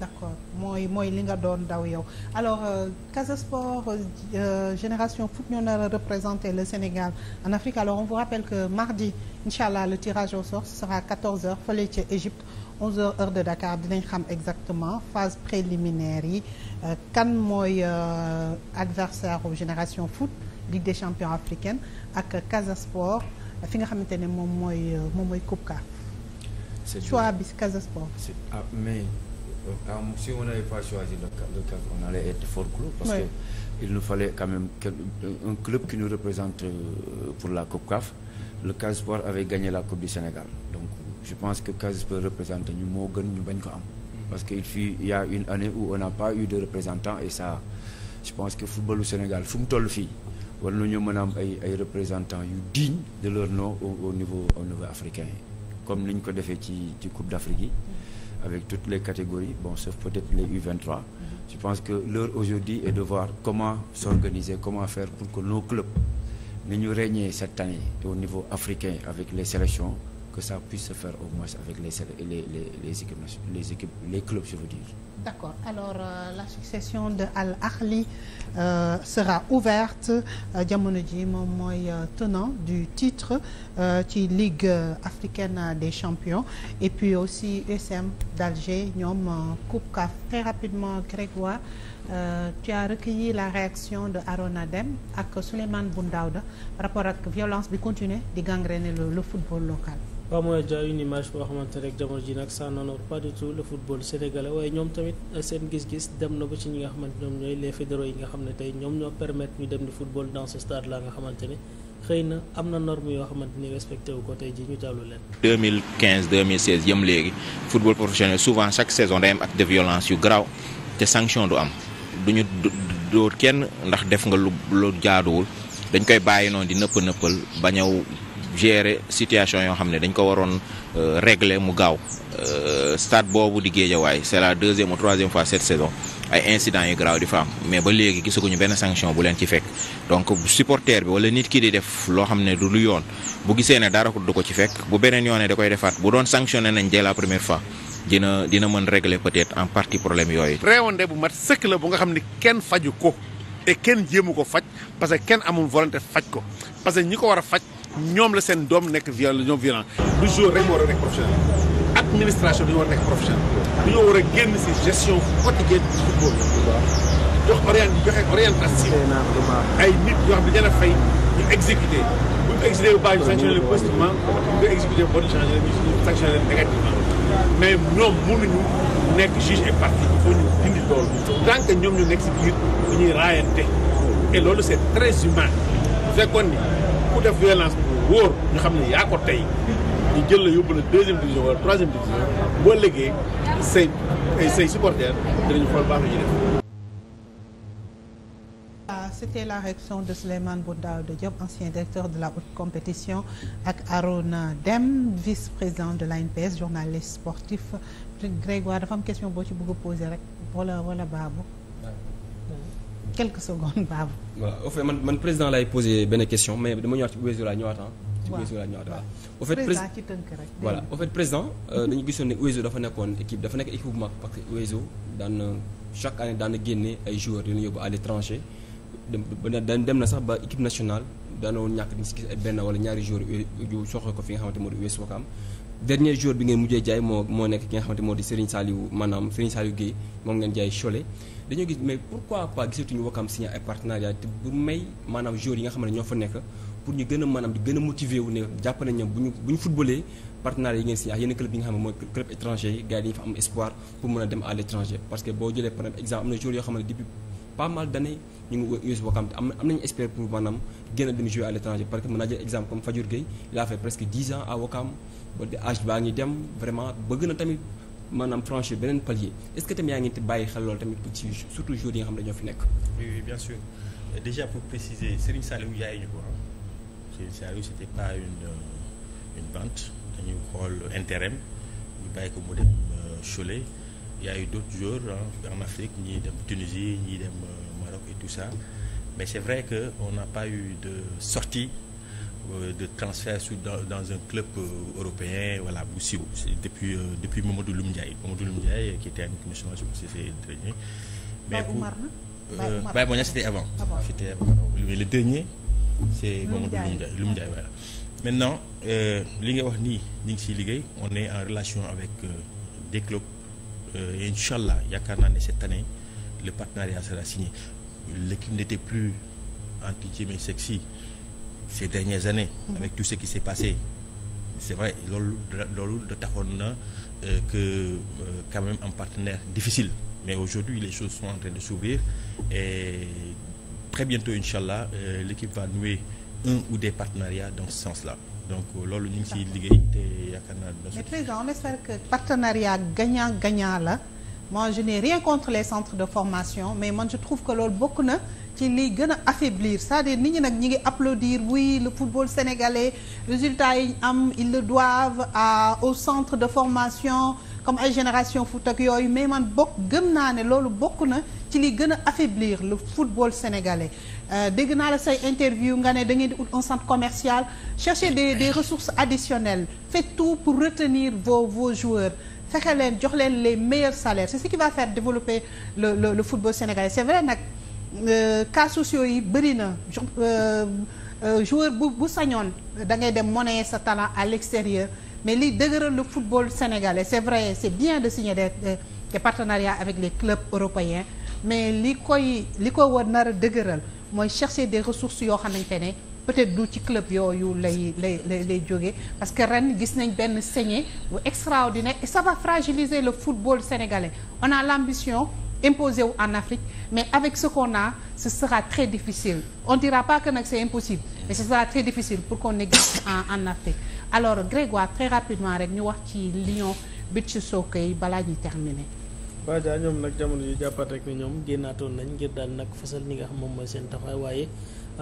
d'accord mooy mooy li nga doon daw yow alors euh, Casa euh, euh, Génération Foot ñoo nar a représenter le Sénégal en Afrique alors on vous rappelle que mardi incha allah le tirage au sort ce sera 14h fële ca Égypte 11 de Dakar dinañ xam exactement phase préliminaire yi kan mooy adversaire au Génération Foot Ligue des champions africaine ak Casa fi nga xamante ne moom mooy moom mooy Coupe CAF. c'est choix bi Casa Euh, ah, si on n'avait pas choisi le le CAF on allait être fort clos parce oui. que il nous fallait quand même un club qui nous représente euh, pour la Coupe CAF le Casa Sport ave gagné la Coupe du Sénégal donc je pense que Casa Sport représente ñu moo gën ñu bañ ko am parce que il fut il a une année où on n'a pas eu de représentant et ça je pense que footballu Sénégal fu mu toll fii war nañoo mën a am ay ay représentants yu digne de leur nom au, niveau au niveau africain comme ni ñu ko defee ci ci Coupe d'Afrique yi avec toutes les catégories, bon, sauf peut-être les U23. Mhm. Je pense que l'heure aujourd'hui est de voir comment s'organiser, comment faire pour que nos clubs, nous régnions cette année au niveau africain avec les sélections, que ça puisse se faire au moins avec les, les, les, les équipes, les, équipes, les clubs, je veux dire. D'accord. Alors euh, la succession de Al Ahly euh, sera ouverte euh, jamono ji moom mooy euh, tenant du titre ci Ligue africaine des champions et puis aussi USM d'Alger ñoom Coupe CAF très rapidement Grégoire Euh, tu as la réaction de Arona Deme ak Souleymane da par rapport ak violence bi continuer di gangréner le, le football local waaw mooy déjà une image boo xamante rek jamono ji nag ça n'honore pas du tout le football sénégalais waaye ñoom tamit seen gis-gis dem na ba ci ñi nga xamante ñoom ñooy les fédéraux yi nga xam ne tey ñoom ñoo permettre ñu dem di football dans ce stade là nga xamante ne xëy na am na norme yoo xamante ni respecté wu ko tey ji ñu jàllu leen 2015 2016 yëm léegi football professionnel souvent chaque saison day am acte de violence yu garaaw te sanction du am duñu dóor kenn ndax def nga lu lu jaaduwul dañ koy bàyyi noonu di nëpp nëppal bañaw gérer situation yoo xam ne dañ ko waroon euh, régler mu gaaw euh, stade boobu di Guédiawaye c'est la deuxième ou troisième fois cette saison ay incidents yu graaw di fa am mais ba léegi gisaguñu benn sanction bu leen ci fekk donc supporter bi wala nit ki di def loo xam ne du lu yoon bu gisee ne dara du ko ci fekk bu beneen yoonee da koy defaat bu doon sanctionné nañ dès la première fois dina dina mën régler peut-être en partie problème yooyu. réewande bu mat sëkk la bu kenn faju ko kenn jéemu ko faj parce que kenn amul volonté faj ko ko ñoom la seen doom nekk viol ñoom violent du jour rek moo war a nekk professionnel administration dañoo war a nekk professionnel dañoo war a génn si gestion quotidienne du football jox orient joxe orientation ay nit yoo xam ne dañu la fay ñu exécuté bu baax ñu sanctionné leen positivement bu ñu ñoom mënuñu nekk juge et partie il ñu dindi loolu tant que ñoom ñu nekk si biir bu ñuy raayante et loolu c'est très humain bu fekkoon ku def violence bu la yóbbu la deuxième division wala ah, de Souleymane Boun ancien directeur de la haute compétition ak Arona Deme vice-président de l'ANPS journaliste sportif Grégoire dafa am question boo ci bëgg a rek wala baabu quelques secondes Babou. voilà au fait man président laay posé benn question mais dama ñëwaat ci Ouézoula ñëwaat ah. ci Ouézoula ñëwaat waaw. au ci tënk rek. voilà au fait président euh, dañu gisoon ne dafa nekkoon équipe dafa nekk équipe bu mag parce que Ouézo daan chaque année daan génne ay joueurs di yóbbu à l'étranger dem dem na sax ba national nationale daanoo ñàkk di si gis benn wala ñaari joueurs yu soxla ko fi nga xamante moo di Ouézo Ouakam dernier jour bi ngeen mujjee jaay moo moo nekk ki nga xamante moo di Serigne Saliou moom ngeen dañoo gis mais pourquoi pas gisatuñu Wakam signé ay partenariat te bu may maanaam joueurs yi nga xam ne ñoo fa nekk pour ñu gën a maanaam di gën a motiver wu ne jàpp nañ ñoom bu ñu bu ñu footballee partenariat ne mooy club étranger yi gars yi dañu fa am espoir a exemple ne depuis pas pour maanaam gën a dem jouer à l' étranger que mën naa jël exemple comme Fadiour Gueye il a presque 10 ans à Wakam ba baa ngi dem vraiment bëgg na tamit maanaam franchir beneen palier est-ce que tamit yaa ngi bàyyi xel loolu tamit pour ci surtout jours yi nga xam ne dañoo fi nekk. oui oui bien sûr déjà pour préciser Serigne Saliou yaay ñu ko am Serigne Saliou c'était pas une euh, une dañuy xool intérim ñu bàyyi ko mu dem euh, Cholet y a eu d'autres joueurs en Afrique ñii dem Tunisie ñii dem euh, Maroc et tout ça mais c'est vrai que on n'a pas eu de sortie Euh, de transfert sur dans, dans un club euh, européen voilà bu siiw depuis euh, depuis Mamadou Loum Ndiaye Mamadou Loum Ndiaye qui était à l'équipe nationale je pense que c'est le dernier mais pour Baye Bonia c'était avant c'était mais le li nga wax nii ñu ngi siy liggéey on est en relation avec euh, des clubs euh, allah yaakaar naa ne cette année le partenariat sera signé l'équipe n'était plus entre guillemets sexy ces dernières années. Mm. avec tout ce qui s'est passé. c'est vrai loolu loolu da taxoon na euh, que euh, quand même un partenaire difficile mais aujourd'hui les choses sont en train de s'ouvrir et très bientôt incha allah euh, l'équipe va nouer un ou des partenariats dans ce sens-là donc loolu ñu ngi ciy liggéey te yaakaar naa. partenariat gagnant gagnant la. moi je n'ai rien contre les centres de formation mais man je trouve que loolu bokk na ci li gën a affaiblir cest dire nit ñi nag ñi ngi applaudir oui le football sénégalais résultat yi am ils le doivent au centre de formation comme ay génération foot ak yooyu mais man bokk gën naa ne loolu bokk na ci li gën a affaiblir le football sénégalais euh, dégg naa la say interview nga ne da ngeen di ut un centre commercial chercher des des ressources additionnelles pour retenir vos vos fexe leen jox leen les meilleurs salaires c'est ce qui va faire développer le le, le football sénégalais c'est vrai nag euh, cas sociaux yi bëri na euh, euh, joueur bu bu sañoon da ngay dem monnayer sa talent à l'extérieur mais li dëgëral le football sénégalais c'est vrai c'est bien de signer des des partenariats avec les clubs européens mais li koy li ko war nar a dëgëral mooy chercher des ressources yoo xamante ne peut-être du ci club yooyu lay lay lay lay jógee parce que ren gis nañ benn saignée bu extraordinaire et ça va fragiliser le football sénégalais on a l'ambition imposé wu en Afrique mais avec ce qu'on a ce sera très difficile on dira pas que nag c'est impossible mais ce sera très difficile pour qu'on existe en Afrique alors Grégoire très rapidement rek ñu wax ci Lyon but ci Sokay balaa ñuy terminer. waaw jaa ñoom nag jamono yu jàppaat rek ne ñoom génnaatoon nañ moom mooy seen taxawaay waaye.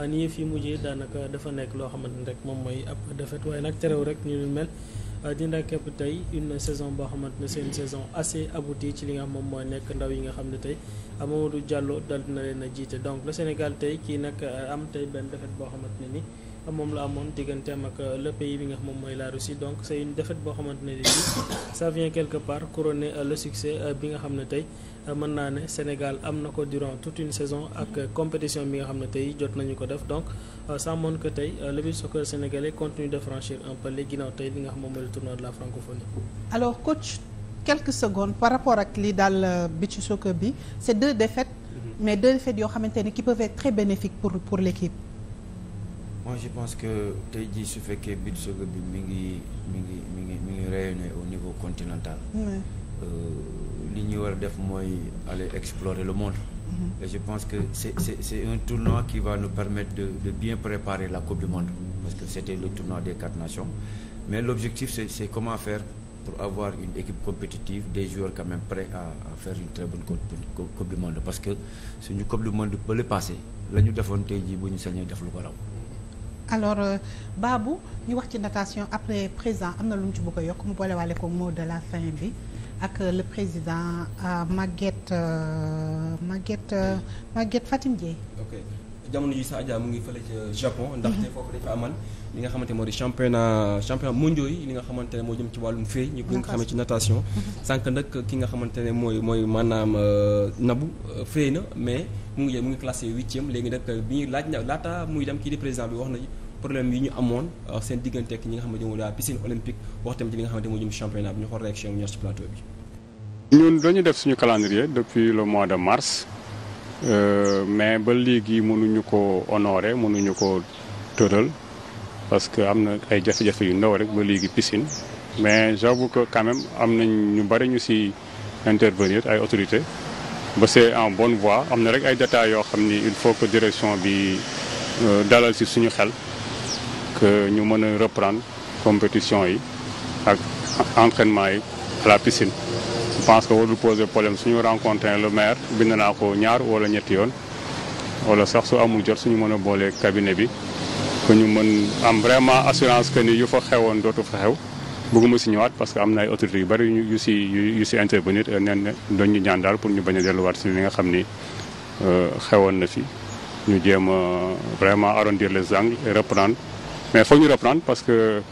ni yëf yi mujjee daanaka dafa nekk loo xamante ni rek moom mooy ab défaite waaye nag terew rek ñu lu mel dina képp tey une saison boo xamante ne seen saison assez aboutie ci li nga xam moom mooy nekk ndaw yi nga xam ne tey Mamadou Diallo dal na leen a jiite donc le Sénégal tey kii nag am tey benn defet boo xamante ne ni moom la amoon digganteem ak le pays bi nga xam moom mooy la Russie donc c'est une défaite boo xamante ne nii ça vient quelque part couronner le succès bi nga xam ne tey mën naa ne Sénégal am na ko durant tout une saison ak compétition bi nga xam ne tey jot nañu ko def donc euh, ça montre que tey euh, le beach soccer sénégalais continue de franchir un palier ginnaaw tey li nga xam moom mooy le tournoi de la francophonie. alors coach quelques secondes par rapport ak li daal euh, beach soccer bi c'est deux fet mhm. mais deux défaites yoo xamante ne qui peuvent être très bénéfiques pour pour l'équipe. moi je pense que tey jii su fekkee beach soccer bi mi ngi mi ngi mi ngi mi ngi rayonné au niveau continental. li ñuy war a def mooy aller explorer le monde. Mm-hmm. et je pense que c'est c'est un tournoi qui va nous permettre de bien préparer la coupe du monde parce que c'était c'est c'est comment faire pour avoir une équipe compétitive des joueurs quand même du monde parce que suñu coupe du monde ba le passé defoon tey bu ñu sañee def lu ko raw. alors euh, ñu wax ci natation après présent am na lu mu ci bëgg yokk mu boolewaale ko mot la fin bi. ak euh, le président euh, Maguette euh, magget Maguette Fatim Dieye. ok jamono ji sa Adja mu ngi fële ca Japon. ndaxte mhm. foofu dafa amal li nga xamante moo di championnat championnat mondiaux yi li nga xamante ne moo jëm ci wàllum fee. ñu gën ko xamee ci natation. Mhm. sànq nag ki nga xamante ne mooy mooy maanaam nabu fee na mais mu ngi mu ngi classé huitième léegi nag bi laaj na laata muy dem kii di président bi wax na. problème yi ñu amoon euh, seen diggante ak ñi nga xamante ne waa piscine olympique wax tamit ci li nga xamante ne moo jëm championnat bi ñu xool rek def suñu calendrier depuis le mois de mars euh, mais ba léegi mënuñu ko honorer mënuñu ko tëral parce que am na ay jafe yu ndaw rek ba léegi piscine mais j'avoue que quand même am nañ ñu bari ñu ci intervenir ay autorités ba c'est en bonne voie am na rek ay détails yoo xam ni il faut que direction bi euh, dalal ci suñu xel. ñu mën a reprendre compétition yi ak entraînement yi à la piscine je pense que warul poser problème suñu rencontré le maire bind naa ko ñaar wala ñetti yoon wala sax su amul jot suñu mën a boolee cabinet bi que ñu mën am vraiment assurance que ni yu fa xewoon dootu fa xew bëgguma si ñëwaat parce que am na ay autorités yu bëri yu si yu si intervenir euh, neen doon ñu ñaan daal pour ñu bañ a delluwaat si li nga xam ni euh, xewoon na fi ñu jéem a vraiment arrondir les angles et mais faut ñu reprendre parce que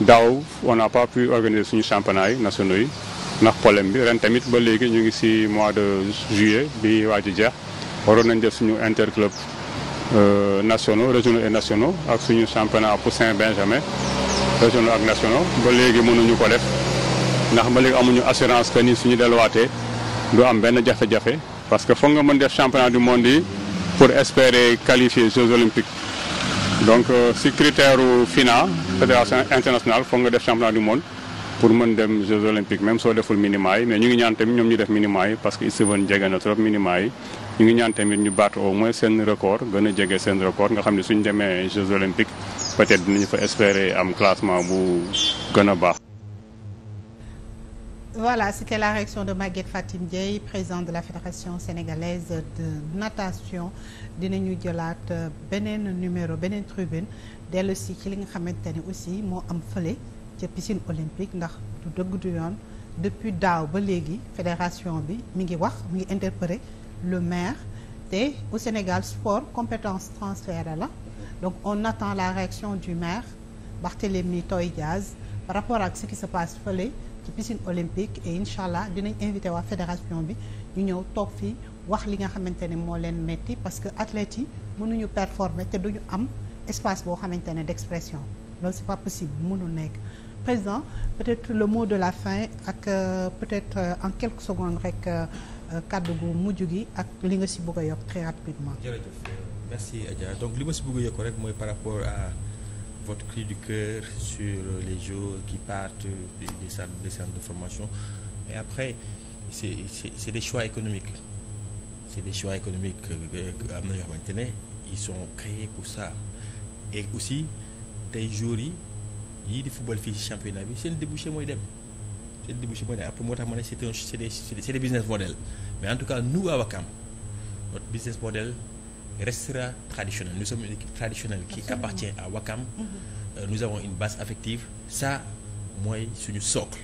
daaw on n'a pas pu organiser suñu championnat yi nationaux yi ndax problème bi ren tamit ba léegi ñu ngi ci mois de juillet bi waaj a jeex waroon nañ def suñu interclub euh, nationaux régionaux et nationau ak suñu championnat pour Saint-Benjamin régionaux ak nationaux ba léegi mënuñu ko def ndax ba léegi amuñu assurance que ni suñu delluwaatee du am benn jafe-jafe parce que foog nga mën def championnat du monde yi pour espérer qualifier Jeux olympiques donc euh, si critère FINA fédération internationale foog nga def championnat du monde pour mën dem Jeux olympiques même soo deful minima mais ñu ngi ñaan ñoom ñu def minima yi parce que il se veut jege na trop minima yi ñu ngi ñaan tamit ñu baat au seen record gën a jege seen record nga xam ne suñ demee Jeux olympiques peut-être dinañu fa espérer am classement bu gën a baax. Voilà, c'était la réaction de Maguette Fatim Dieye, présidente de la Fédération sénégalaise de natation dinañu jëlaat euh, beneen numéro beneen tribune dellu si ci li nga xamante ne aussi moo am fële ca piscine olympique ndax du dëgg du yoon depuis daaw ba léegi fédération bi mi ngi wax mu ngi interpellé le maire te au Sénégal sport compétence transférée la donc on attend la réaction du maire Barthélémy Toye Dias par rapport ak ce qui se passe fële ci piscine olympique et incha allah dinañ invité waa fédération bi ñu ñëw toog fii wax li nga xamante ne moo leen metti parce que athlètes yi mënuñu performer te ñu am espace boo xamante ne d'expression loolu c'est pas possible mënul nekk président peut-être le mot de la fin ak euh, peut-être euh, en quelques secondes rek euh, kàddu gu mujj gi ak li nga si bëgg a yokk très rapidement. votre cri du cœur sur les jours qui partent des, des, salles, des centres de formation. Et après, c'est des choix économiques. C'est des choix économiques am na yoo xamante ne ils sont créés pour ça. Et aussi tey jours yi yii di football fii championnat bi seen débouché mooy dem seen débouché mooy dem après moo tax ma ne c'est un c'est des c'est business model mais en tout cas nous à Wakam notre business model. restera traditionnelle nous sommes une équipe traditionnelle qui Absolument. appartient à Wakam mm-hmm. euh, nous une base affective ça mooy suñu socle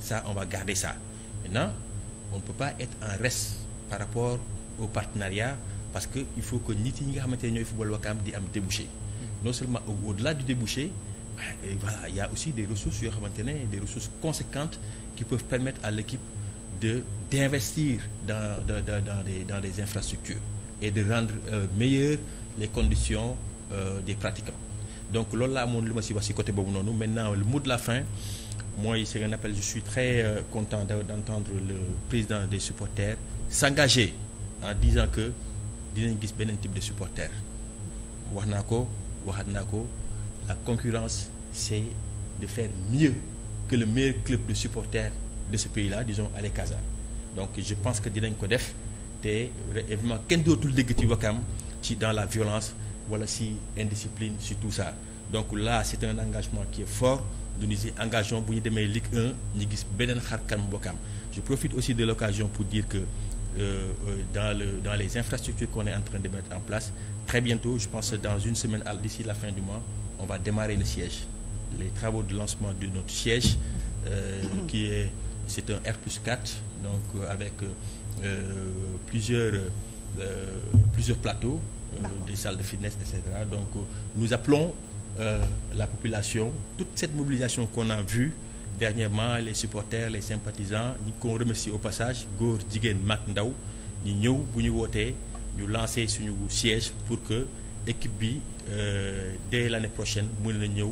ça on va garder ça maintenant on ne peut pas être en reste par rapport au partenariat parce que il faut que nit yi nga xamante ne ñooy football Wakam di am débouché mm-hmm. non seulement au-delà du débouché voilà aussi des ressources yoo xamante ne des ressources conséquentes qui peuvent permettre à l'équipe de d'investir dans dans dans des dans des infrastructures et de rendre euh, les conditions euh, des pratiquants donc loolu la amoon lu ma si wax si côté boobu noonu maintenant le mot de la fin mooy c'est un appel je suis très euh, content d'entendre le président des supporters s'engager en disant que dinañ gis beneen type de supporters wax naa ko waxaat naa ko la concurrence c'est de faire mieux que le meilleur club de supporters de ce pays-là disons Allez Casa donc je pense que dinañ ko def te évidemment kenn dootul dégg ci Wakam ci dans la violence wala si indiscipline si tout ça donc là c'est un engagement qui est fort du ñu engagement bu ñu demee Ligue 1 ñu gis beneen xar kanam Wakam je profite aussi de l'occasion pour dire que euh, euh, dans le dans les infrastructures qu'on est en train de mettre en place très bientôt je pense dans une semaine à d'ici la fin du mois on va démarrer le siège les travaux de lancement de notre euh, un R plus donc euh, avec Euh, plusieurs euh, plusieurs plateaux euh, des salles de fitness et cetera donc nous appelons la population toute cette mobilisation qu'on a vue dernièrement les supporters les sympathisants ñi qu'on remercie au passage góor jigéen mag ndaw ñu ñëw bu ñu wootee ñu lancer suñu siège pour que équipe bi dès l'année prochaine mën na ñëw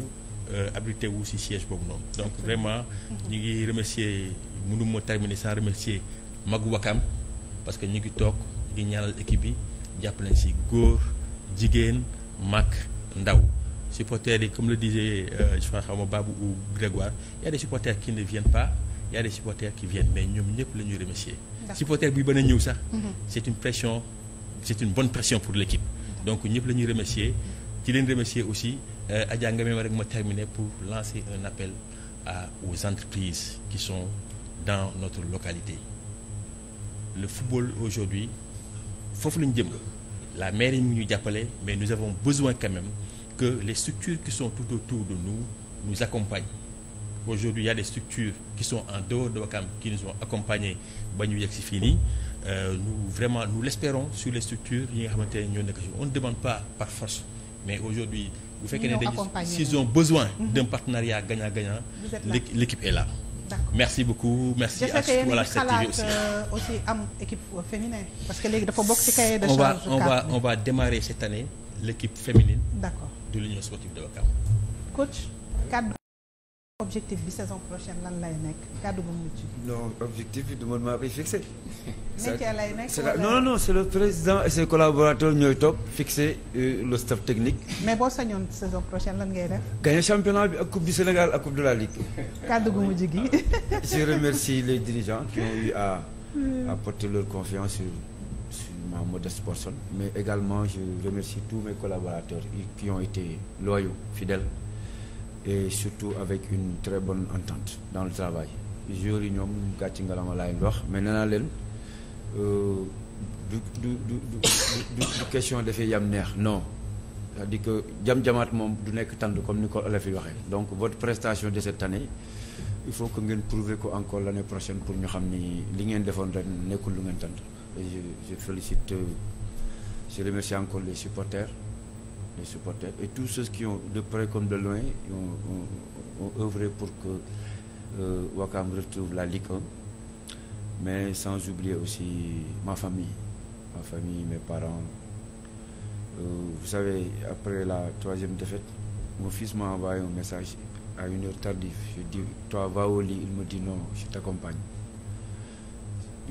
abrité wu ci siège boobu noonu donc vraiment ñu ngi remercier mënuma terminer sans remercier magu Wakaam parce que ñu ngi toog di ñaanal équipe bi jàpp nañ si góor jigéen mag ndaw supporters yi comme le disait euh, je crois ma Babou ou Grégoire a des supporters qui ne viennent pas y a des supporters qui mais ñoom ñëpp la ñuy remercier supporter bi bën a ñëw sax mm-hmm. c'est une pression c'est une bonne pression pour l'équipe donc ñëpp la ñuy remercier ci leen remercier aussi euh, Adja nga ma rek ma terminer pour lancer un appel à aux entreprises qui sont dans notre localité le football aujourd'hui foofu la ñu jëm la mairie mu ñu jàppale mais nous avons besoin quand même que les structures qui sont tout autour de nous nous accompagnent aujourd'hui il y a des structures qui sont en dehors de Wakam qui nous ont accompagnés ba ñu yegg si fii nii euh, nous vraiment nous l'espérons sur les structures yi nga xamante ne ñoo nekk si on ne demande pas par force mais aujourd'hui bu fekkee ne dañu s'ils ont besoin mm-hmm. d'un partenariat gagnant-gagnant l'équipe est là merci beaucoup merci à voilà cette TV aussi euh, aussi am équipe euh, féminine parce que léegi dafa bokk ci cahier de charge on va on va démarrer cette année l'équipe féminine d'accord de l'Union sportive de Ouakam coach kaddu objectif bi saison prochaine lan lay nekk kàddu bu mujj. non objectif bi du man maa koy fixé. nekkee lay nekk non non c' est le président et ses collaborateurs ñooy toog fixé euh, le staff technique. mais boo sañoon saison prochaine lan ngay def. gagné championnat bi ak coupe du Sénégal ak coupe de la Ligue. kàddu bu mujj gi. je remercie les dirigeants qui ont eu à hmm. à porter leur confiance sur sur ma modeste personne. mais également je remercie tous mes collaborateurs qui ont été loyaux surtout avec une très bonne entente dans le travail joueurs yi ñoom gàcci ngalama laay wax mais nee naa leen euh, du du du du du question dafay yam neex non c'est-à-dire que jam-jamaat moom du nekk tànd comme ni ko olof yi waxee donc votre prestation de cette année il faut que ngeen prouver ko encore l'année prochaine pour ñu xam ni li ngeen defoon ren nekkul lu ngeen tànd je je félicite euh, je remercie encore les supporters les supporters et tous ceux qui ont de près comme de loin ont, ont, ont pour que euh, Wakam retrouve la Ligue mais sans oublier aussi ma famille ma famille mes parents euh, après la troisième défaite mon fils m'a envoyé un message à une heure tardive je dis toi va au lit il me dit non je t'accompagne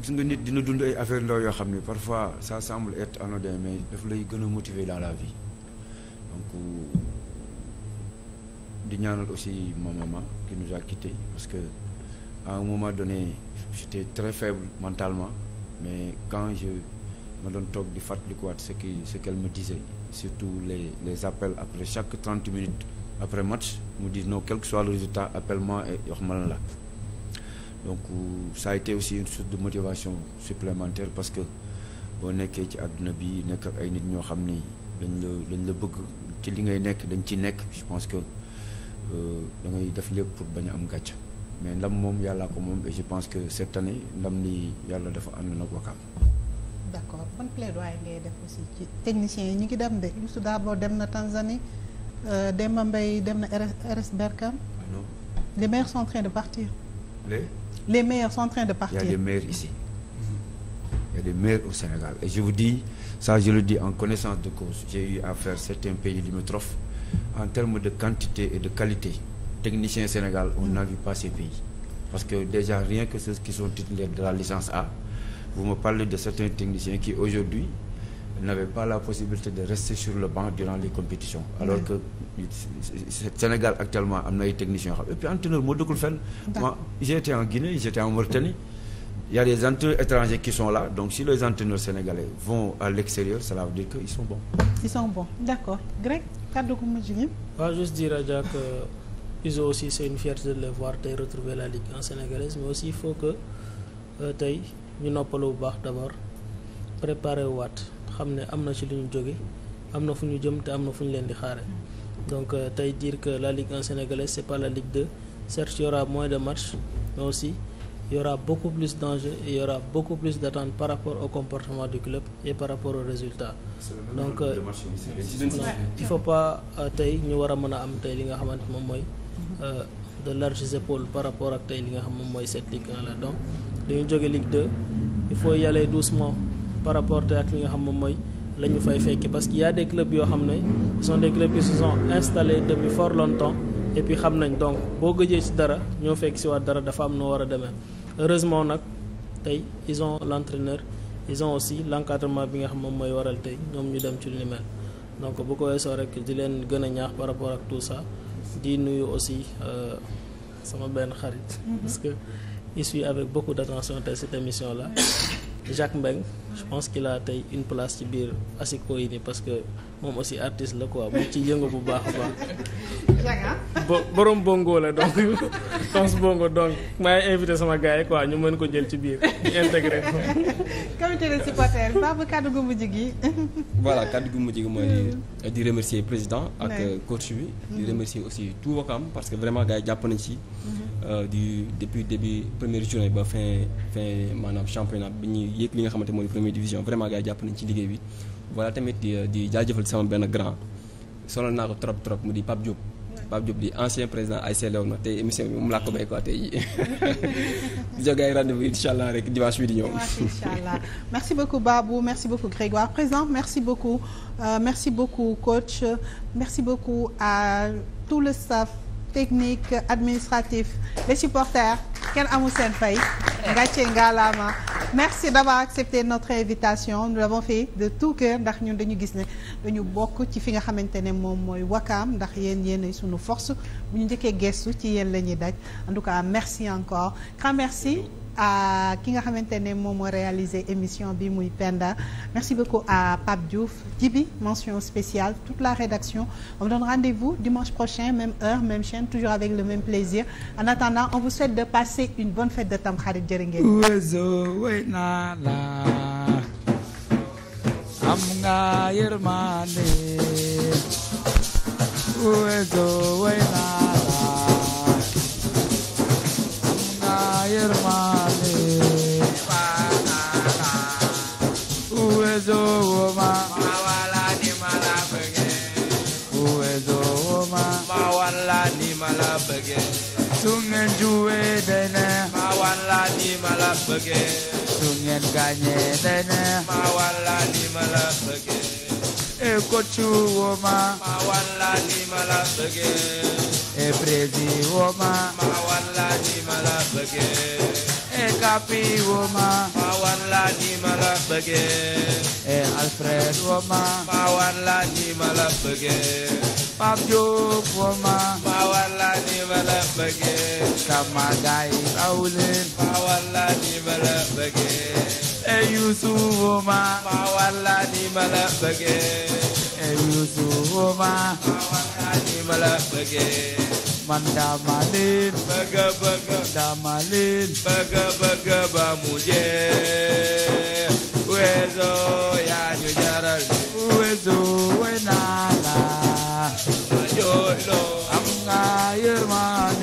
gis nit dina dund ay affaire ndaw yoo xam ne parfois ça semble être anodin mais daf lay gën a motiver dans la vie Euh, di ñaanal aussi ma maman qui nous a quitté parce que à un moment donné j'étais très faible mentalement mais quand je ma doon toog di fàttalikuwaat ce qui ce qu'elle me disait surtout les les appels après chaque trente minutes après match mu di non quel soit le résultat appelle-moi et wax ma lan la donc euh, ça a été aussi une de motivation supplémentaire parce que boo nekkee ci àdduna bi nekk ak ay nit ñoo xam ni dañ la lañ la bëgg ci li ngay nekk dañ ci nekk je pense que euh, da ngay def lépp pour bañ a am gàcc mais ndam moom yàllaa ko moom et je pense que cette année ndam li yàlla dafa ànd na ko kam d'accord ban plaidoyer ngay def aussi ci techniciens yi ñu ngi dem de Youssou Dabo dem na Tanzanie euh, Demba Mbaye dem na RS Berkane ah les le sont en train de partir les les meilleurs sont en train de partir il y a des au Sénégal et je vous Ça, je le dis en connaissance de cause. J'ai eu à faire certains pays limitrophes. En termes de quantité et de qualité, technicien Sénégal, on n'a vu pas ces pays. Parce que déjà, rien que ceux qui sont titulaires de la licence A, vous me parlez de certains techniciens qui aujourd'hui n'avaient pas la possibilité de rester sur le banc durant les compétitions. Alors que Sénégal actuellement am na ay techniciens yoo xam et puis entraîneur moo moi j'étais en en il y a des entraîneurs étrangers qui sont là donc si les entraîneurs sénégalais vont à l'extérieur cela veut dire que ils sont bons. ils sont bons d'accord Greg kàddu gu mujj gi. juste dire à Dia que aussi c'est une de les tey retrouver la Ligue en sénégalaise mais aussi il faut que euh, tey ñu noppalu bu baax d'abord préparer waat xam ne am na ci lu ñu jóge am na fu ñu jëm te am na fu ñu leen di xaare donc euh, tey dire que la Ligue en sénégalaise c'est la Ligue 2 certes il y aura de matchs mais il y aura beaucoup plus d'enjeux et il y aura beaucoup plus d'attentes par rapport au comportement du club et par rapport aux résultats. donc euh, il faut pas euh, tey ñu war a mën a am tey li nga xamante moom mooy euh, de larges épaules par rapport ak tey li nga xam moom mooy set Ligue 1 là donc dañu jóge Ligue 2 il faut y aller doucement par rapport tey ak li nga xam moom mooy la ñu fay fekki parce que yaa a des yoo xam ne soo sont des clubs qui se sont installés depuis fort longtemps et xam nañ donc boo gëjee ci dara ñoo fekk ci waat dara dafa am noo war a demee. heureusement nag tey ison ont l' entraîneur ils aussi l' bi nga xam moom mooy waral tey ñoom ñu dem ci lu ni mel donc bu ko weesoo rek di leen gën a ñaax par rapport ak tout sax di nuyu aussi euh, sama benn xarit. Mm-hmm. parce que il suit avec beaucoup d' attention tey cette émission là Jacques Mbeng je pense qu'il a tey une place ci biir asiko yi nii parce que. moom aussi artiste la quoi mu ci yëngu bu baax a baax. Ah. bo borom bongo la donc tons bongo donc maay invité sama gars yi quoi ñu mën ko jël ci biir ñu intégré ko. comité de supporter Baba kaddu gu mujj gi. voilà kaddu gu mujj gi mooy di mm. di remercier président ak coach bi. di mm-hmm. remercier aussi tout Wakam parce que vraiment gars yi jàpp nañ ci. Mm-hmm. Euh, du depuis début première journée ba fin fin maanaam championnat bi ñuy yéeg li nga xamante mooy première division vraiment gars jàpp nañ ci liggéey bi. voilà tamit di jaajëfal sama benn grand sonal naa ko trop trop mu di Pape Diop. Pape Diop di ancien président ASC Léona tey émission mu laa ko may quoi tey jogaay rendez-vous incha allah rek dimanche bi di ñëw. incha allah merci beaucoup Babou merci beaucoup Grégoire présent merci beaucoup euh, merci beaucoup coach merci beaucoup à tout le staff. technique euh, administratif les supporters kenn amul seen fay ngàcce ngaalaama merci d'avoir accepté notre invitation nous l'avons fait de tout cœur ndax ñun dañu gis ne dañu bokk ci fi nga xamante ne moom mooy wakaam ndax yéen yéenay suñu force bu ñu njëkkee gestu ci yéen la ñuy daj en tout merci encore grand merci à ki nga xamante ne moom moo réalisé émission bi muy Penda merci beaucoup à Pape Diouf Djibi mention spéciale toute la rédaction on vous donne rendez-vous dimanche prochain même heure même chaîne toujours avec le même plaisir en attendant on vous souhaite de passer une bonne fête de Tamxarit jërë ngeen wezo wey yërmande ku weesu woo ma ma wala ni ma la bëggee ku weesu woo ma ma wala ni ma la bëggee su ngeen juwee day ne ma wala ni ma la bëggee su ngeen gaañee day ne ma wala ni ma la bëggee e ko ci woo ma ma wala ni ma la bëggee ne prési wo ma ma wallahi ma la bëgg e kapi wo ma ma wallahi ma la bëgg e Alfred wo ma ma wallahi ma la bëgg Pape Diop wo ma ma wallahi ma la bëgg sama gaay aw leen ma wallahi ma la bëgg e Youssou wo ma ma wallahi ma la bëgg e Youssou wo ma ma wallahi ma la bëgg man ba mu jeex weeso yaa ñu jaral weeso way naa la am nga yërmaa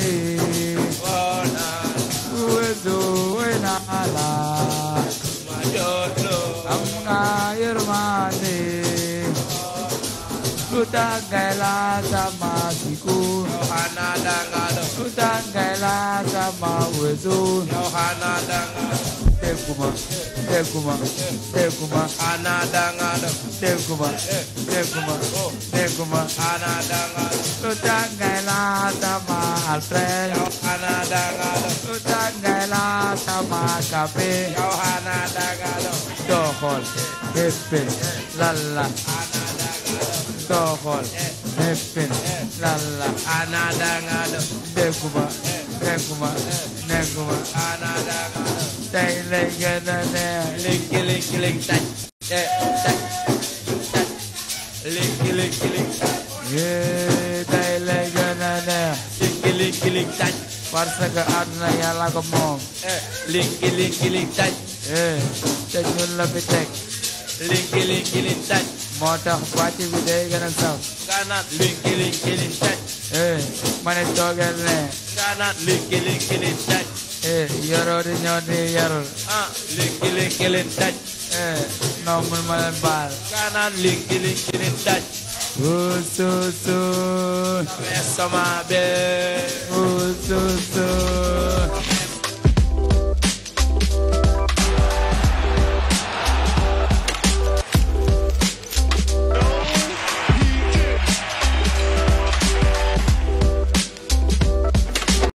Kutangaila sama siku Yohana dangado Kutangaila sama wezu Yohana dangado Tekuma Tekuma Tekuma Ana dangado Tekuma Tekuma Tekuma Ana dangado Kutangaila sama Alfred Yohana dangado Kutangaila sama Kape Yohana dangado Dohol Hepe Lala Ana soxol nefin lalla ana danga do dekuma dekuma nekuma ne linki linki taj taj taj linki linki linki yee tay ne linki linki taj parce que àdduna yàlla ko moom linki linki taj eh la fi teg linki taj moo tax pàcc bi day gën a saf. nga naan linki linki ma ne toogel ne. nga naan linki linki li taj. yoroo di ñëw di yarul. ah mun ma leen baal. nga naan linki linki li taj. ususu. sama bee. ususu.